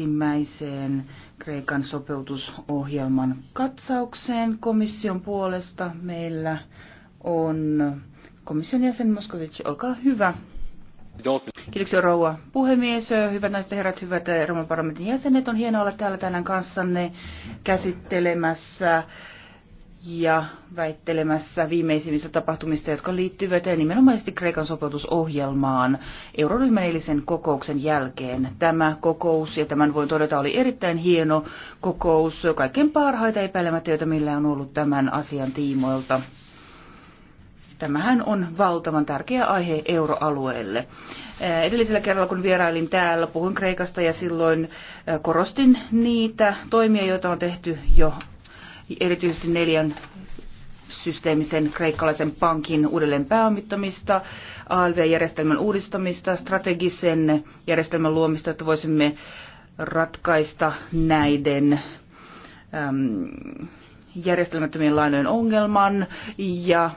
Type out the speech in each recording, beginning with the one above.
ensimmäiseen Kreikan sopeutusohjelman katsaukseen komission puolesta. Meillä on komission jäsen Moskovic, olkaa hyvä. Kiitoksia rouva puhemies, hyvät naiset ja herrat, hyvät Euroopan parlamentin jäsenet. On hienoa olla täällä tänään kanssanne käsittelemässä ja väittelemässä viimeisimmistä tapahtumista, jotka liittyvät ja nimenomaisesti Kreikan sopeutusohjelmaan euroryhmän eilisen kokouksen jälkeen. Tämä kokous, ja tämän voin todeta, oli erittäin hieno kokous, kaiken parhaita epäilemättä, joita millä on ollut tämän asian tiimoilta. Tämähän on valtavan tärkeä aihe euroalueelle. Edellisellä kerralla, kun vierailin täällä, puhuin Kreikasta ja silloin korostin niitä toimia, joita on tehty jo erityisesti neljän systeemisen kreikkalaisen pankin uudelleen pääomittamista, ALV-järjestelmän uudistamista, strategisen järjestelmän luomista, että voisimme ratkaista näiden äm, järjestelmättömien lainojen ongelman ja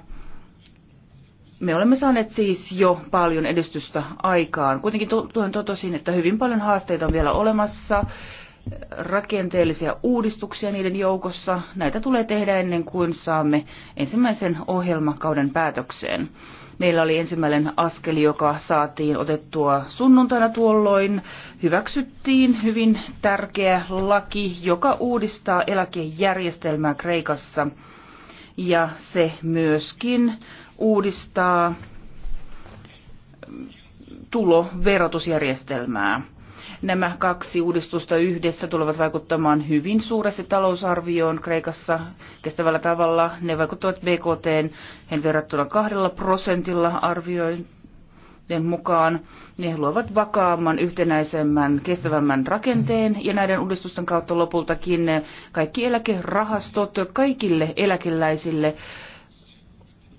me olemme saaneet siis jo paljon edistystä aikaan. Kuitenkin tuon totosin, että hyvin paljon haasteita on vielä olemassa rakenteellisia uudistuksia niiden joukossa. Näitä tulee tehdä ennen kuin saamme ensimmäisen ohjelmakauden päätökseen. Meillä oli ensimmäinen askeli, joka saatiin otettua sunnuntaina tuolloin. Hyväksyttiin hyvin tärkeä laki, joka uudistaa eläkejärjestelmää Kreikassa. Ja se myöskin uudistaa tuloverotusjärjestelmää. Nämä kaksi uudistusta yhdessä tulevat vaikuttamaan hyvin suuresti talousarvioon Kreikassa kestävällä tavalla. Ne vaikuttavat BKT verrattuna kahdella prosentilla arvioin mukaan ne luovat vakaamman, yhtenäisemmän, kestävämmän rakenteen ja näiden uudistusten kautta lopultakin kaikki eläkerahastot kaikille eläkeläisille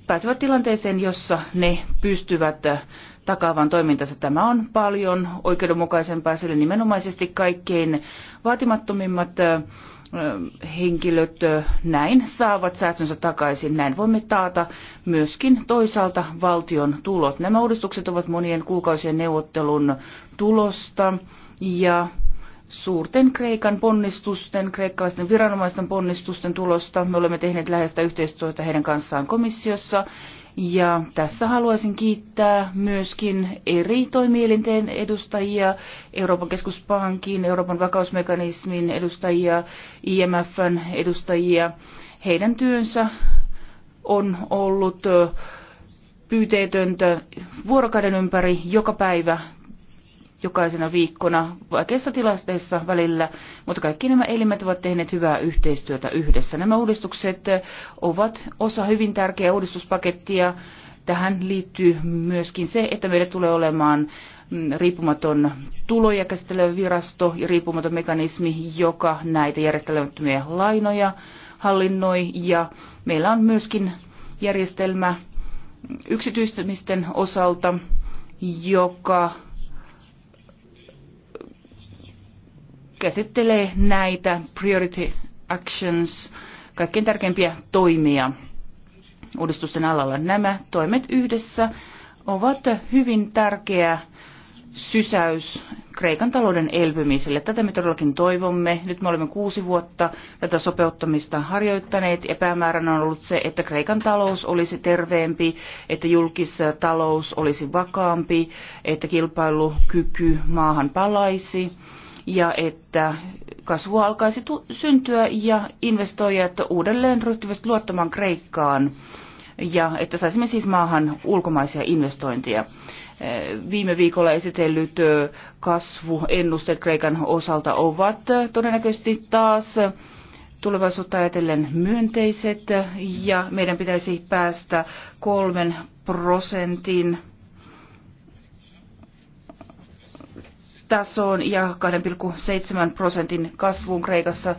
pääsevät tilanteeseen, jossa ne pystyvät takaavan toimintansa. Tämä on paljon oikeudenmukaisempaa, sillä nimenomaisesti kaikkein vaatimattomimmat henkilöt näin saavat säästönsä takaisin. Näin voimme taata myöskin toisaalta valtion tulot. Nämä uudistukset ovat monien kuukausien neuvottelun tulosta ja suurten Kreikan ponnistusten, kreikkalaisten viranomaisten ponnistusten tulosta. Me olemme tehneet läheistä yhteistyötä heidän kanssaan komissiossa ja tässä haluaisin kiittää myöskin eri toimielinten edustajia, Euroopan keskuspankin, Euroopan vakausmekanismin edustajia, IMFn edustajia. Heidän työnsä on ollut pyyteetöntä vuorokauden ympäri joka päivä jokaisena viikkona vaikeissa tilanteissa välillä, mutta kaikki nämä elimet ovat tehneet hyvää yhteistyötä yhdessä. Nämä uudistukset ovat osa hyvin tärkeää uudistuspakettia. Tähän liittyy myöskin se, että meillä tulee olemaan mm, riippumaton tuloja käsittelevä virasto ja riippumaton mekanismi, joka näitä järjestelmättömiä lainoja hallinnoi. Ja meillä on myöskin järjestelmä yksityistymisten osalta, joka käsittelee näitä priority actions, kaikkein tärkeimpiä toimia uudistusten alalla. Nämä toimet yhdessä ovat hyvin tärkeä sysäys Kreikan talouden elpymiselle. Tätä me todellakin toivomme. Nyt me olemme kuusi vuotta tätä sopeuttamista harjoittaneet Epämääränä päämääränä on ollut se, että Kreikan talous olisi terveempi, että julkistalous olisi vakaampi, että kilpailukyky maahan palaisi ja että kasvua alkaisi syntyä ja investoijat uudelleen ryhtyvät luottamaan Kreikkaan ja että saisimme siis maahan ulkomaisia investointeja. Äh, viime viikolla esitellyt äh, kasvuennusteet Kreikan osalta ovat todennäköisesti taas tulevaisuutta ajatellen myönteiset ja meidän pitäisi päästä kolmen prosentin tasoon ja 2,7 prosentin kasvuun Kreikassa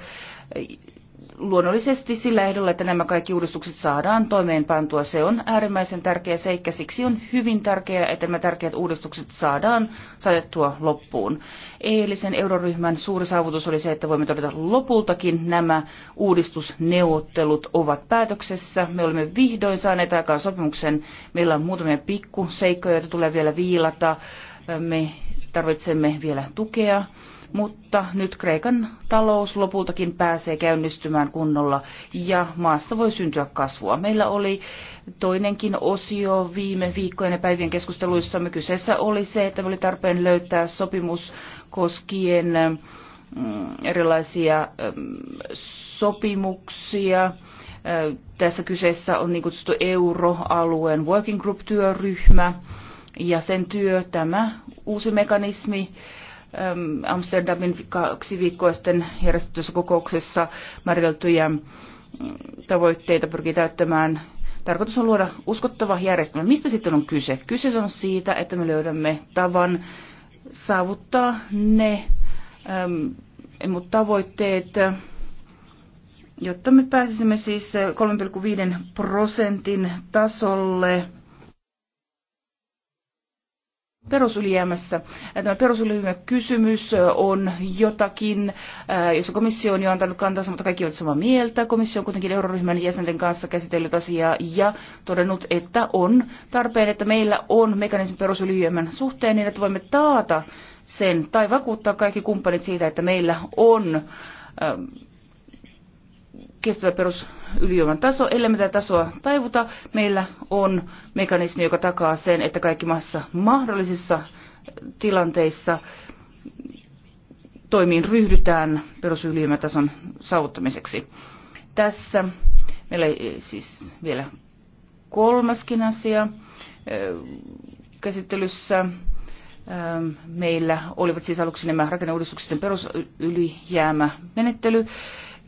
luonnollisesti sillä ehdolla, että nämä kaikki uudistukset saadaan toimeenpantua. Se on äärimmäisen tärkeä seikka. Siksi on hyvin tärkeää, että nämä tärkeät uudistukset saadaan saatettua loppuun. Eilisen euroryhmän suuri saavutus oli se, että voimme todeta lopultakin nämä uudistusneuvottelut ovat päätöksessä. Me olemme vihdoin saaneet aikaan sopimuksen. Meillä on muutamia pikkuseikkoja, joita tulee vielä viilata me tarvitsemme vielä tukea, mutta nyt Kreikan talous lopultakin pääsee käynnistymään kunnolla ja maassa voi syntyä kasvua. Meillä oli toinenkin osio viime viikkojen ja päivien keskusteluissamme. Kyseessä oli se, että oli tarpeen löytää sopimus koskien mm, erilaisia mm, sopimuksia. Tässä kyseessä on niin kutsuttu euroalueen working group-työryhmä ja sen työ, tämä uusi mekanismi, ähm, Amsterdamin kaksi viikkoa sitten järjestetyssä kokouksessa määriteltyjä mm, tavoitteita pyrkii täyttämään. Tarkoitus on luoda uskottava järjestelmä. Mistä sitten on kyse? Kyse on siitä, että me löydämme tavan saavuttaa ne äm, tavoitteet, jotta me pääsisimme siis 3,5 prosentin tasolle – perusylijäämässä. Tämä kysymys on jotakin, jossa komissio on jo antanut kantansa, mutta kaikki ovat samaa mieltä. Komissio on kuitenkin euroryhmän jäsenten kanssa käsitellyt asiaa ja todennut, että on tarpeen, että meillä on mekanismi perusylijäämän suhteen niin, että voimme taata sen tai vakuuttaa kaikki kumppanit siitä, että meillä on kestävä perusylioman taso. Ellei me tätä tasoa taivuta, meillä on mekanismi, joka takaa sen, että kaikissa mahdollisissa tilanteissa toimiin ryhdytään tason saavuttamiseksi. Tässä meillä siis vielä kolmaskin asia käsittelyssä. Meillä olivat siis aluksi nämä rakenneuudistuksen perusylijäämämenettely. menettely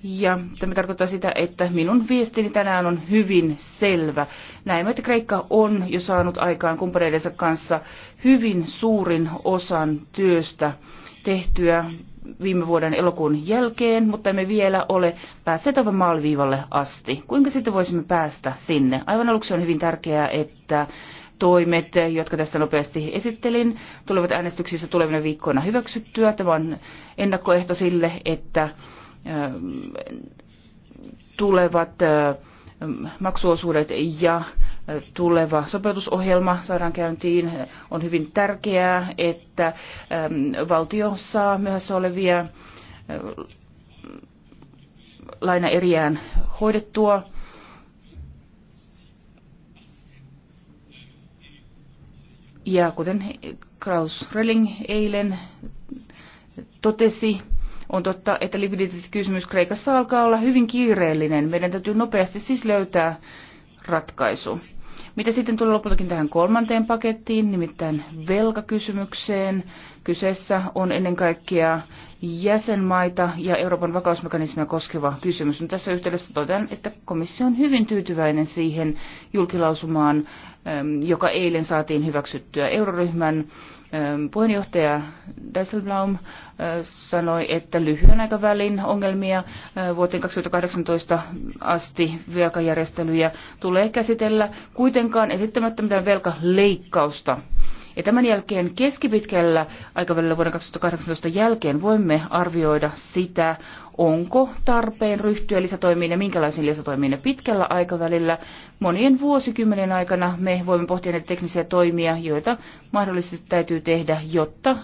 ja tämä tarkoittaa sitä, että minun viestini tänään on hyvin selvä. Näemme, että Kreikka on jo saanut aikaan kumppaneidensa kanssa hyvin suurin osan työstä tehtyä viime vuoden elokuun jälkeen, mutta emme vielä ole päässeet aivan maaliviivalle asti. Kuinka sitten voisimme päästä sinne? Aivan aluksi on hyvin tärkeää, että toimet, jotka tässä nopeasti esittelin, tulevat äänestyksissä tulevina viikkoina hyväksyttyä. Tämä on ennakkoehto sille, että tulevat maksuosuudet ja tuleva sopeutusohjelma saadaan käyntiin. On hyvin tärkeää, että valtio saa myöhässä olevia lainaeriään hoidettua. Ja kuten Klaus Relling eilen totesi, on totta, että likviditeettikysymys Kreikassa alkaa olla hyvin kiireellinen. Meidän täytyy nopeasti siis löytää ratkaisu. Mitä sitten tulee lopultakin tähän kolmanteen pakettiin, nimittäin velkakysymykseen? Kyseessä on ennen kaikkea jäsenmaita ja Euroopan vakausmekanismia koskeva kysymys. Mutta no, tässä yhteydessä totean, että komissio on hyvin tyytyväinen siihen julkilausumaan, joka eilen saatiin hyväksyttyä euroryhmän Puheenjohtaja Dasselbaum sanoi, että lyhyen aikavälin ongelmia vuoteen 2018 asti velkajärjestelyjä tulee käsitellä kuitenkaan esittämättä mitään velkaleikkausta. Ja tämän jälkeen keskipitkällä aikavälillä vuoden 2018 jälkeen voimme arvioida sitä, onko tarpeen ryhtyä lisätoimiin ja minkälaisiin lisätoimiin ja pitkällä aikavälillä. Monien vuosikymmenen aikana me voimme pohtia näitä teknisiä toimia, joita mahdollisesti täytyy tehdä, jotta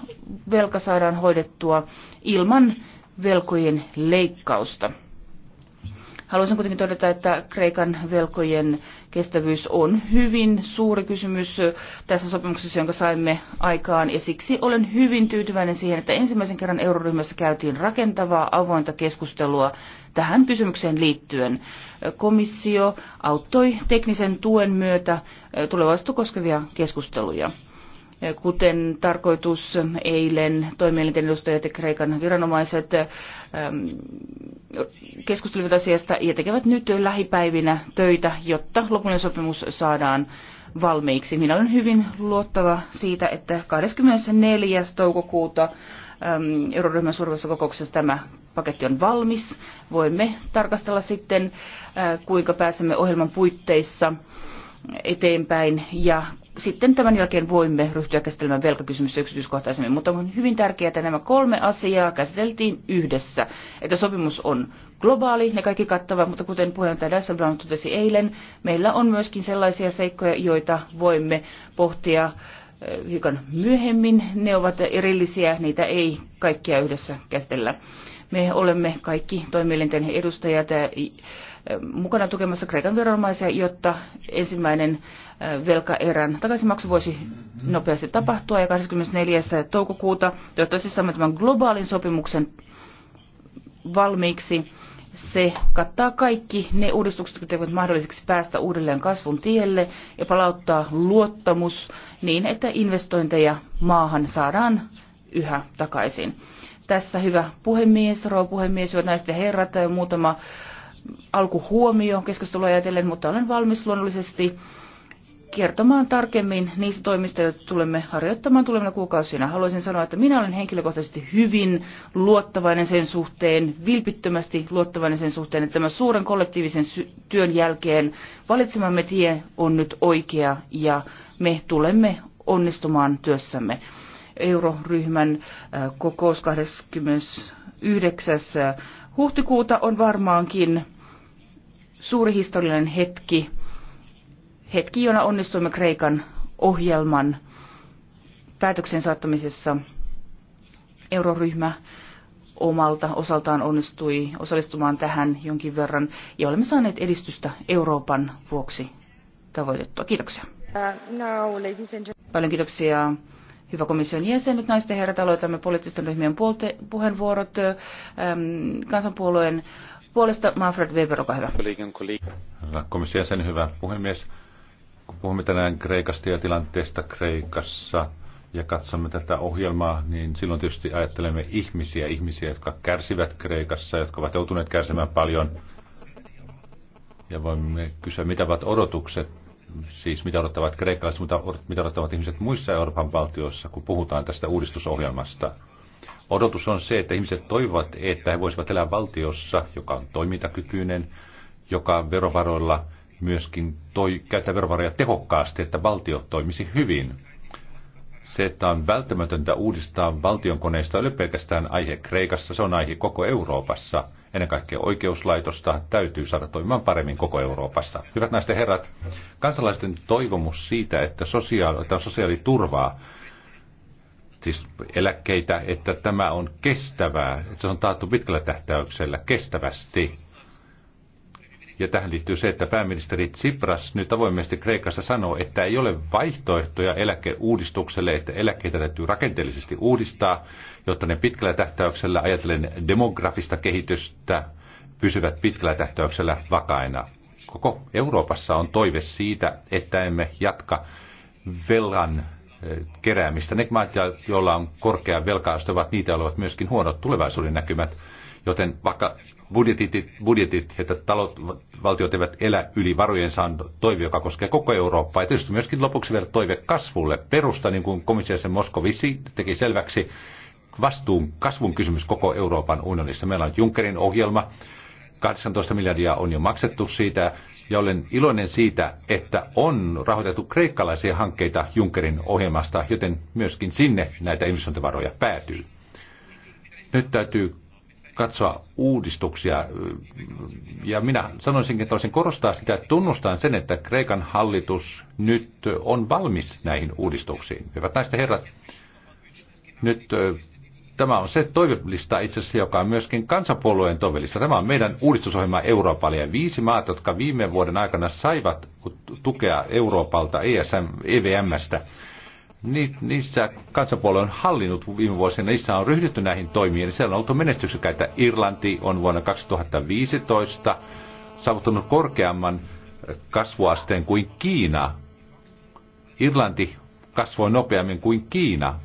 velka saadaan hoidettua ilman velkojen leikkausta. Haluaisin kuitenkin todeta, että Kreikan velkojen kestävyys on hyvin suuri kysymys tässä sopimuksessa, jonka saimme aikaan. Ja siksi olen hyvin tyytyväinen siihen, että ensimmäisen kerran euroryhmässä käytiin rakentavaa avointa keskustelua tähän kysymykseen liittyen. Komissio auttoi teknisen tuen myötä tulevaisuutta koskevia keskusteluja kuten tarkoitus eilen toimielinten edustajat ja Kreikan viranomaiset ähm, keskustelivat asiasta ja tekevät nyt lähipäivinä töitä, jotta lopullinen sopimus saadaan valmiiksi. Minä olen hyvin luottava siitä, että 24. toukokuuta ähm, euroryhmän suurvassa kokouksessa tämä paketti on valmis. Voimme tarkastella sitten, äh, kuinka pääsemme ohjelman puitteissa eteenpäin ja sitten tämän jälkeen voimme ryhtyä käsittelemään velkakysymystä yksityiskohtaisemmin, mutta on hyvin tärkeää, että nämä kolme asiaa käsiteltiin yhdessä, että sopimus on globaali, ne kaikki kattava, mutta kuten puheenjohtaja Dasselbaum totesi eilen, meillä on myöskin sellaisia seikkoja, joita voimme pohtia eh, hiukan myöhemmin. Ne ovat erillisiä, niitä ei kaikkia yhdessä käsitellä. Me olemme kaikki toimielinten edustajat eh, mukana tukemassa Kreikan viranomaisia, jotta ensimmäinen velkaerän takaisinmaksu voisi nopeasti tapahtua ja 24. toukokuuta toivottavasti saamme tämän globaalin sopimuksen valmiiksi. Se kattaa kaikki ne uudistukset, jotka tekevät mahdolliseksi päästä uudelleen kasvun tielle ja palauttaa luottamus niin, että investointeja maahan saadaan yhä takaisin. Tässä hyvä puhemies, rouva puhemies, hyvät naiset ja herrat, muutama alkuhuomio keskustelua ajatellen, mutta olen valmis luonnollisesti kertomaan tarkemmin niistä toimista, joita tulemme harjoittamaan tulevina kuukausina. Haluaisin sanoa, että minä olen henkilökohtaisesti hyvin luottavainen sen suhteen, vilpittömästi luottavainen sen suhteen, että tämän suuren kollektiivisen työn jälkeen valitsemamme tie on nyt oikea ja me tulemme onnistumaan työssämme. Euroryhmän äh, kokous 29. Äh, huhtikuuta on varmaankin suuri historiallinen hetki hetki, jona onnistuimme Kreikan ohjelman päätöksen saattamisessa. Euroryhmä omalta osaltaan onnistui osallistumaan tähän jonkin verran ja olemme saaneet edistystä Euroopan vuoksi tavoitettua. Kiitoksia. Uh, Paljon kiitoksia. Hyvä komission jäsen, nyt naisten herrat, aloitamme poliittisten ryhmien puolte- puheenvuorot. kansanpuolueen puolesta Manfred Weber, olkaa hyvä. Hyvä komission jäsen, hyvä puhemies. Kun puhumme tänään Kreikasta ja tilanteesta Kreikassa ja katsomme tätä ohjelmaa, niin silloin tietysti ajattelemme ihmisiä, ihmisiä, jotka kärsivät Kreikassa, jotka ovat joutuneet kärsimään paljon. Ja voimme kysyä, mitä ovat odotukset, siis mitä odottavat kreikkalaiset, mutta mitä odottavat ihmiset muissa Euroopan valtioissa, kun puhutaan tästä uudistusohjelmasta. Odotus on se, että ihmiset toivovat, että he voisivat elää valtiossa, joka on toimintakykyinen, joka verovaroilla myöskin toi, käyttää verovaroja tehokkaasti, että valtio toimisi hyvin. Se, että on välttämätöntä uudistaa valtion koneista, ei pelkästään aihe Kreikassa, se on aihe koko Euroopassa. Ennen kaikkea oikeuslaitosta täytyy saada toimimaan paremmin koko Euroopassa. Hyvät naiset ja herrat, kansalaisten toivomus siitä, että, sosiaali, että on sosiaaliturvaa, siis eläkkeitä, että tämä on kestävää, että se on taattu pitkällä tähtäyksellä kestävästi, ja tähän liittyy se, että pääministeri Tsipras nyt avoimesti Kreikassa sanoo, että ei ole vaihtoehtoja eläkeuudistukselle, että eläkkeitä täytyy rakenteellisesti uudistaa, jotta ne pitkällä tähtäyksellä ajatellen demografista kehitystä pysyvät pitkällä tähtäyksellä vakaina. Koko Euroopassa on toive siitä, että emme jatka velan eh, keräämistä. Ne maat, joilla on korkea velka ovat niitä, joilla ovat myöskin huonot tulevaisuuden näkymät. Joten vaikka budjetit, budjetit että talot, valtiot eivät elä yli varojensa, on toive, joka koskee koko Eurooppaa. Ja tietysti myöskin lopuksi vielä toive kasvulle. Perusta, niin kuin komissiasen Moskovisi teki selväksi, vastuun kasvun kysymys koko Euroopan unionissa. Meillä on Junckerin ohjelma, 18 miljardia on jo maksettu siitä, ja olen iloinen siitä, että on rahoitettu kreikkalaisia hankkeita Junckerin ohjelmasta, joten myöskin sinne näitä investointivaroja päätyy. Nyt täytyy katsoa uudistuksia. Ja minä sanoisinkin, että olisin korostaa sitä, että tunnustan sen, että Kreikan hallitus nyt on valmis näihin uudistuksiin. Hyvät näistä herrat, nyt tämä on se toivelista itse asiassa, joka on myöskin kansanpuolueen toivelista. Tämä on meidän uudistusohjelma Euroopalle ja viisi maata, jotka viime vuoden aikana saivat tukea Euroopalta ESM, EVMstä niissä kansanpuolue on hallinnut viime vuosina, niissä on ryhdytty näihin toimiin, niin siellä on oltu menestyksekäitä. Irlanti on vuonna 2015 saavuttanut korkeamman kasvuasteen kuin Kiina. Irlanti kasvoi nopeammin kuin Kiina.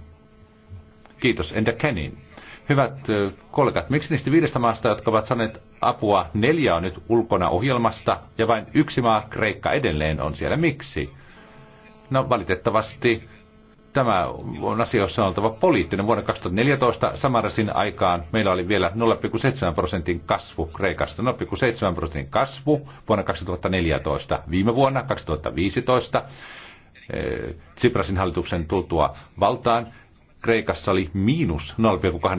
Kiitos, entä Kenin? Hyvät kollegat, miksi niistä viidestä maasta, jotka ovat saaneet apua, neljä on nyt ulkona ohjelmasta ja vain yksi maa, Kreikka, edelleen on siellä? Miksi? No valitettavasti Tämä on asia, jossa on oltava poliittinen. Vuonna 2014 samarasin aikaan meillä oli vielä 0,7 prosentin kasvu Kreikasta. 0,7 prosentin kasvu vuonna 2014. Viime vuonna 2015 eh, Tsiprasin hallituksen tultua valtaan Kreikassa oli miinus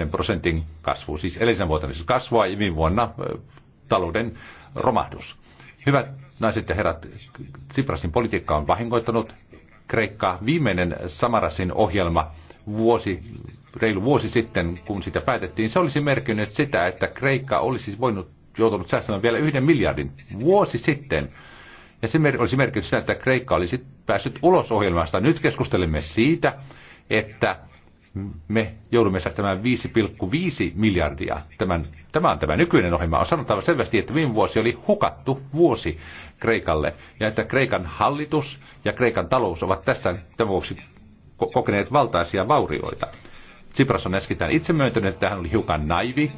0,2 prosentin kasvu, siis edellisen vuotena siis kasvua ja viime vuonna eh, talouden romahdus. Hyvät naiset ja herrat, Tsiprasin politiikka on vahingoittanut Kreikka Viimeinen Samarasin ohjelma vuosi, reilu vuosi sitten, kun sitä päätettiin, se olisi merkinnyt sitä, että Kreikka olisi voinut joutunut säästämään vielä yhden miljardin vuosi sitten. Ja se mer- olisi merkinnyt sitä, että Kreikka olisi päässyt ulos ohjelmasta. Nyt keskustelemme siitä, että me joudumme säästämään 5,5 miljardia. Tämän, tämä on tämä nykyinen ohjelma. On sanottava selvästi, että viime vuosi oli hukattu vuosi Kreikalle ja että Kreikan hallitus ja Kreikan talous ovat tässä tämän vuoksi kokeneet valtaisia vaurioita. Tsipras on äsken itse myöntänyt, että hän oli hiukan naivi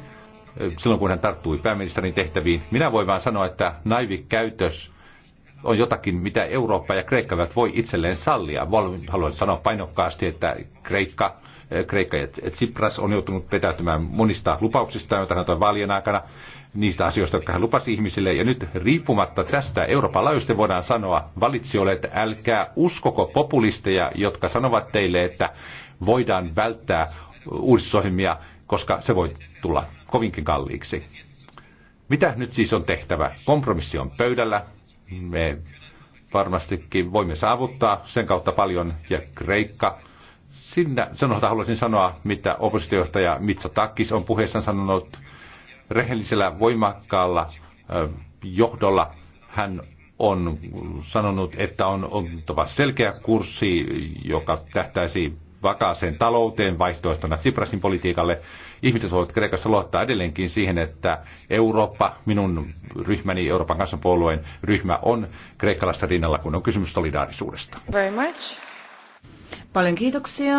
silloin, kun hän tarttui pääministerin tehtäviin. Minä voin vain sanoa, että naivi käytös on jotakin, mitä Eurooppa ja Kreikka voi itselleen sallia. Haluan sanoa painokkaasti, että Kreikka Kreikka ja Tsipras on joutunut petäytymään monista lupauksista, joita hän toi vaalien aikana, niistä asioista, jotka hän lupasi ihmisille. Ja nyt riippumatta tästä Euroopan laajuisesti voidaan sanoa valitsijoille, että älkää uskoko populisteja, jotka sanovat teille, että voidaan välttää uudistusohjelmia, koska se voi tulla kovinkin kalliiksi. Mitä nyt siis on tehtävä? Kompromissi on pöydällä. Me varmastikin voimme saavuttaa sen kautta paljon ja Kreikka sinä sanotaan haluaisin sanoa, mitä oppositiojohtaja Mitsa Takkis on puheessaan sanonut rehellisellä voimakkaalla johdolla. Hän on sanonut, että on oltava selkeä kurssi, joka tähtäisi vakaaseen talouteen vaihtoehtona Tsiprasin politiikalle. Ihmiset voivat Kreikassa luottaa edelleenkin siihen, että Eurooppa, minun ryhmäni, Euroopan kansanpuolueen ryhmä on kreikkalaista rinnalla, kun on kysymys solidaarisuudesta. Very much. Paljon kiitoksia.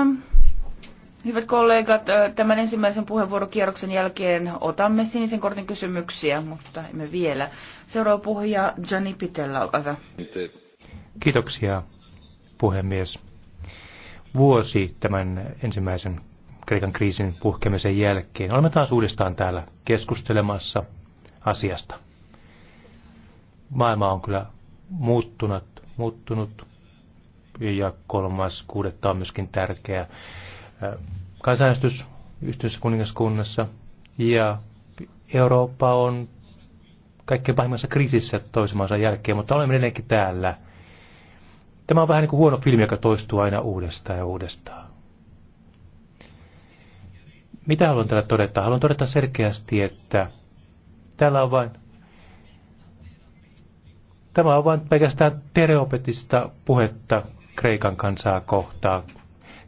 Hyvät kollegat, tämän ensimmäisen puheenvuorokierroksen jälkeen otamme sinisen kortin kysymyksiä, mutta emme vielä. Seuraava puhuja Jani Pitellä, olkaa Kiitoksia, puhemies. Vuosi tämän ensimmäisen Kreikan kriisin puhkemisen jälkeen olemme taas uudestaan täällä keskustelemassa asiasta. Maailma on kyllä muuttunut, muuttunut ja kolmas kuudetta on myöskin tärkeä kansanäänestys yhteisessä kuningaskunnassa. Ja Eurooppa on kaikkein pahimmassa kriisissä toisen jälkeen, mutta olemme edelleenkin täällä. Tämä on vähän niin kuin huono filmi, joka toistuu aina uudestaan ja uudestaan. Mitä haluan tällä todeta? Haluan todeta selkeästi, että täällä on vain Tämä on vain pelkästään tereopetista puhetta Kreikan kansaa kohtaa.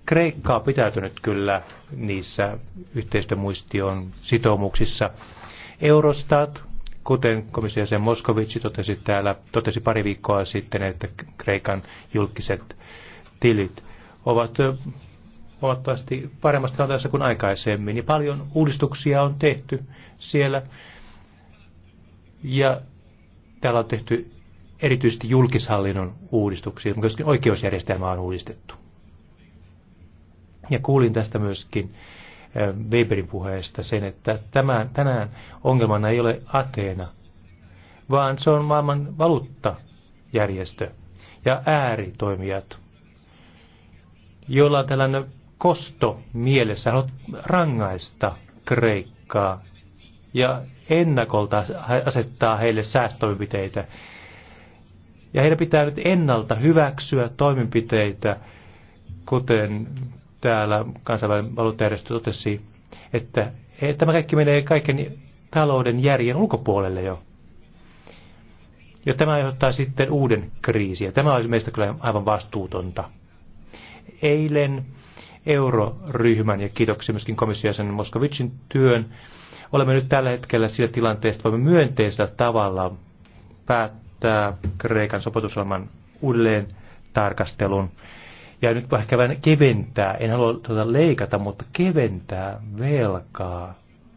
Kreikka on pitäytynyt kyllä niissä yhteistömuistion sitoumuksissa. Eurostat, kuten komissiojäsen Moskovitsi totesi täällä, totesi pari viikkoa sitten, että Kreikan julkiset tilit ovat huomattavasti paremmassa tilanteessa kuin aikaisemmin. Ja paljon uudistuksia on tehty siellä. Ja täällä on tehty erityisesti julkishallinnon uudistuksia, mutta myöskin oikeusjärjestelmää on uudistettu. Ja kuulin tästä myöskin Weberin puheesta sen, että tämän, tänään ongelmana ei ole Ateena, vaan se on maailman valuuttajärjestö ja ääritoimijat, joilla on tällainen kosto mielessä on rangaista Kreikkaa ja ennakolta asettaa heille säästöimpiteitä ja heidän pitää nyt ennalta hyväksyä toimenpiteitä, kuten täällä kansainvälinen valuuttajärjestö totesi, että tämä kaikki menee kaiken talouden järjen ulkopuolelle jo. Ja tämä aiheuttaa sitten uuden kriisiä. Tämä olisi meistä kyllä aivan vastuutonta. Eilen euroryhmän ja kiitoksia myöskin komissiojäsen Moskovicin työn. Olemme nyt tällä hetkellä sillä tilanteesta, voimme myönteisellä tavalla päättää tämä Kreikan sopotusohjelman uudelleen tarkastelun. Ja nyt ehkä vähän keventää, en halua tuota leikata, mutta keventää velkaa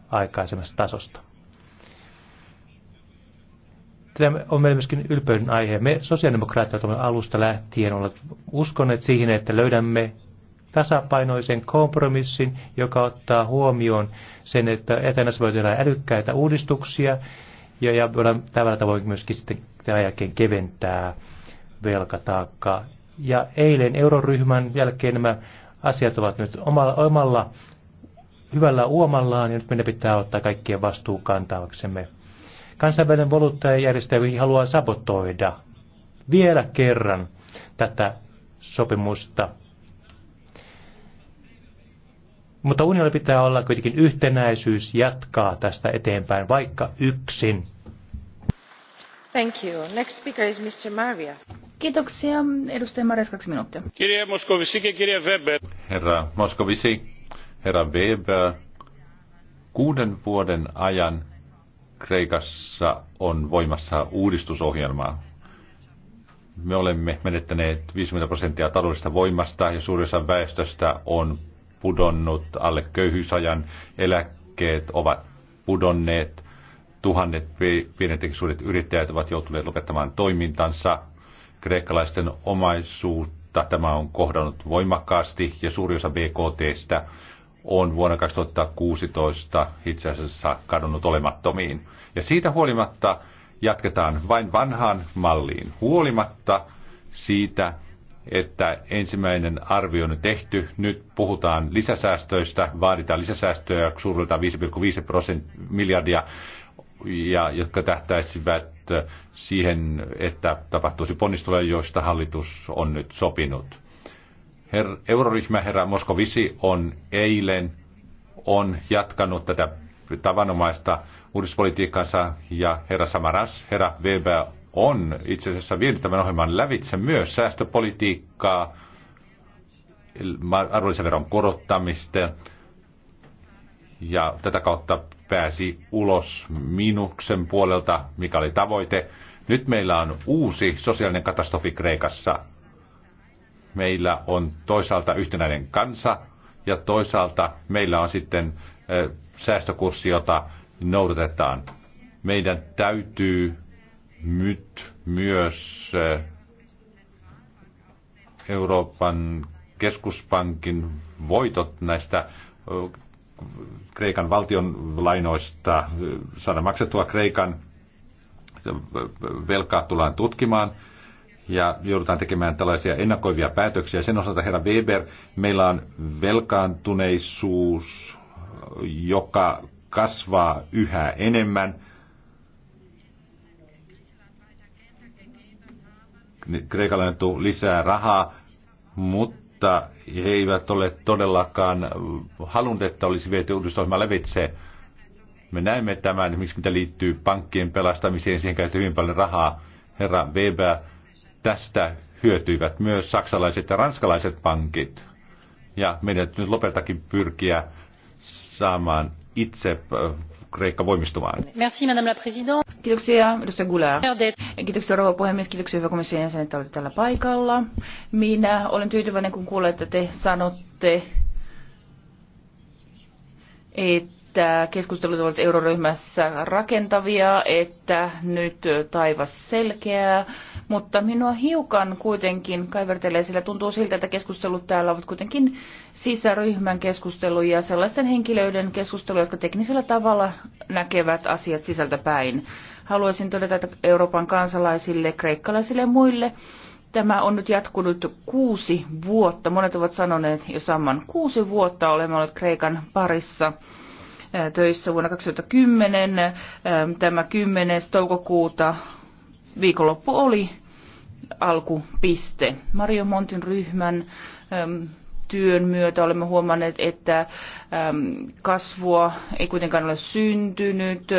aikaisemmasta tasosta. Tämä on meillä myöskin ylpeyden aihe. Me sosiaalidemokraatit olemme alusta lähtien olleet uskoneet siihen, että löydämme tasapainoisen kompromissin, joka ottaa huomioon sen, että etänässä voi tehdä älykkäitä uudistuksia ja, ja voidaan tällä tavoin myöskin sitten tämän jälkeen keventää velkataakkaa. Ja eilen euroryhmän jälkeen nämä asiat ovat nyt omalla, omalla hyvällä uomallaan ja nyt meidän pitää ottaa kaikkien vastuu kantavaksemme. Kansainvälinen valuuttajajärjestö haluaa sabotoida vielä kerran tätä sopimusta. Mutta unionilla pitää olla kuitenkin yhtenäisyys jatkaa tästä eteenpäin, vaikka yksin Thank you. Next speaker is Mr. Kiitoksia. Moskovisi ja Weber. Herra Moskovisi, herra Weber, kuuden vuoden ajan Kreikassa on voimassa uudistusohjelma. Me olemme menettäneet 50 prosenttia taloudellisesta voimasta ja suurin osa väestöstä on pudonnut alle köyhyysajan. Eläkkeet ovat pudonneet Tuhannet pienet yrittäjät ovat joutuneet lopettamaan toimintansa. Kreikkalaisten omaisuutta tämä on kohdannut voimakkaasti ja suuri osa BKTstä on vuonna 2016 itse asiassa kadonnut olemattomiin. Ja siitä huolimatta jatketaan vain vanhaan malliin. Huolimatta siitä, että ensimmäinen arvio on tehty. Nyt puhutaan lisäsäästöistä, vaaditaan lisäsäästöjä suurilta 5,5 miljardia ja jotka tähtäisivät siihen, että tapahtuisi ponnisteluja, joista hallitus on nyt sopinut. Her, euroryhmä herra Moskovisi on eilen on jatkanut tätä tavanomaista uudispolitiikkansa ja herra Samaras, herra Weber on itse asiassa vienyt tämän ohjelman lävitse myös säästöpolitiikkaa, arvonlisäveron korottamista, ja tätä kautta pääsi ulos minuksen puolelta, mikä oli tavoite. Nyt meillä on uusi sosiaalinen katastrofi Kreikassa. Meillä on toisaalta yhtenäinen kansa ja toisaalta meillä on sitten säästökurssi, jota noudatetaan. Meidän täytyy nyt myös Euroopan keskuspankin voitot näistä Kreikan valtion lainoista äh, saada maksettua Kreikan äh, velkaa tullaan tutkimaan ja joudutaan tekemään tällaisia ennakoivia päätöksiä. Sen osalta, herra Weber, meillä on velkaantuneisuus, joka kasvaa yhä enemmän. Niin Kreikalle on lisää rahaa, mutta mutta he eivät ole todellakaan halunneet, että olisi viety uudistusohjelma lävitse. Me näemme tämän, miksi mitä liittyy pankkien pelastamiseen, siihen käytetään hyvin paljon rahaa. Herra Weber, tästä hyötyivät myös saksalaiset ja ranskalaiset pankit. Ja meidän nyt lopetakin pyrkiä saamaan itse Kreikka voimistumaan. Merci, madame la présidente. Kiitoksia, edustaja Gulaa. Kiitoksia, rouva puhemies. Kiitoksia, hyvä komission jäsen, että olette täällä paikalla. Minä olen tyytyväinen, kun kuulen, että te sanotte, että että keskustelut ovat euroryhmässä rakentavia, että nyt taivas selkeää, mutta minua hiukan kuitenkin kaivertelee, sillä tuntuu siltä, että keskustelut täällä ovat kuitenkin sisäryhmän keskusteluja, sellaisten henkilöiden keskusteluja, jotka teknisellä tavalla näkevät asiat sisältä päin. Haluaisin todeta, että Euroopan kansalaisille, kreikkalaisille ja muille Tämä on nyt jatkunut kuusi vuotta. Monet ovat sanoneet jo saman kuusi vuotta olemme olleet Kreikan parissa töissä vuonna 2010. Tämä 10. toukokuuta viikonloppu oli alkupiste. Mario Montin ryhmän työn myötä olemme huomanneet, että kasvua ei kuitenkaan ole syntynyt.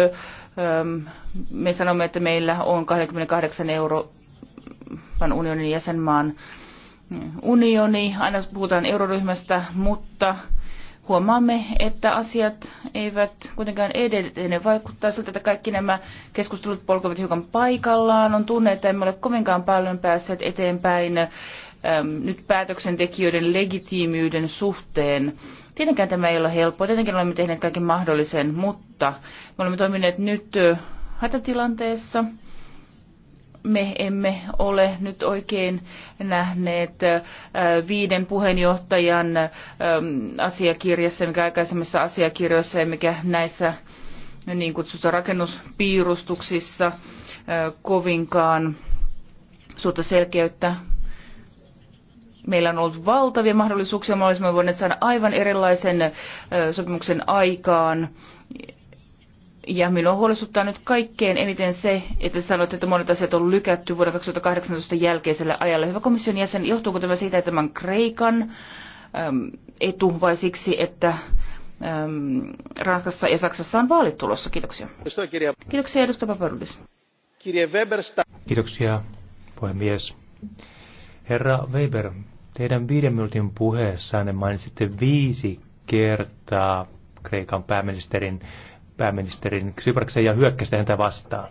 Me sanomme, että meillä on 28 Euroopan unionin jäsenmaan unioni. Aina puhutaan euroryhmästä, mutta huomaamme, että asiat eivät kuitenkaan edelleen vaikuttaa siltä, että kaikki nämä keskustelut polkevat hiukan paikallaan. On tunne, että emme ole kovinkaan paljon päässeet eteenpäin äm, nyt päätöksentekijöiden legitiimiyden suhteen. Tietenkään tämä ei ole helppoa, tietenkin olemme tehneet kaiken mahdollisen, mutta me olemme toimineet nyt äh, hätätilanteessa me emme ole nyt oikein nähneet viiden puheenjohtajan asiakirjassa, mikä aikaisemmissa asiakirjoissa ja mikä näissä niin kutsussa rakennuspiirustuksissa kovinkaan suurta selkeyttä. Meillä on ollut valtavia mahdollisuuksia, me olisimme voineet saada aivan erilaisen sopimuksen aikaan ja minua huolestuttaa nyt kaikkein eniten se, että sanoit, että monet asiat on lykätty vuoden 2018 jälkeiselle ajalle. Hyvä komission jäsen, johtuuko tämä siitä, että tämän Kreikan äm, etu vai siksi, että äm, Ranskassa ja Saksassa on vaalit tulossa? Kiitoksia. Kiitoksia, edustaja Paparudis. Kiitoksia, puhemies. Herra Weber, teidän viiden minuutin puheessanne mainitsitte viisi kertaa Kreikan pääministerin pääministerin Kypraksen ja hyökkäsi häntä vastaan,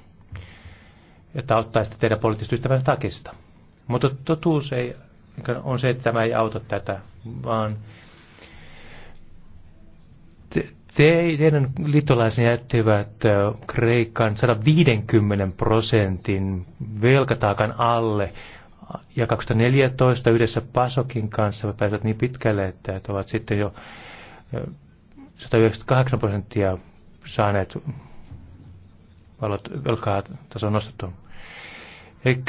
että auttaisitte teidän poliittista ystävänne takista. Mutta totuus ei, on se, että tämä ei auta tätä, vaan te, te, teidän liittolaisen jättivät Kreikan 150 prosentin velkataakan alle ja 2014 yhdessä Pasokin kanssa pääsivät niin pitkälle, että ovat sitten jo 198 prosenttia saaneet valot, velkaa tason nostettu, Eli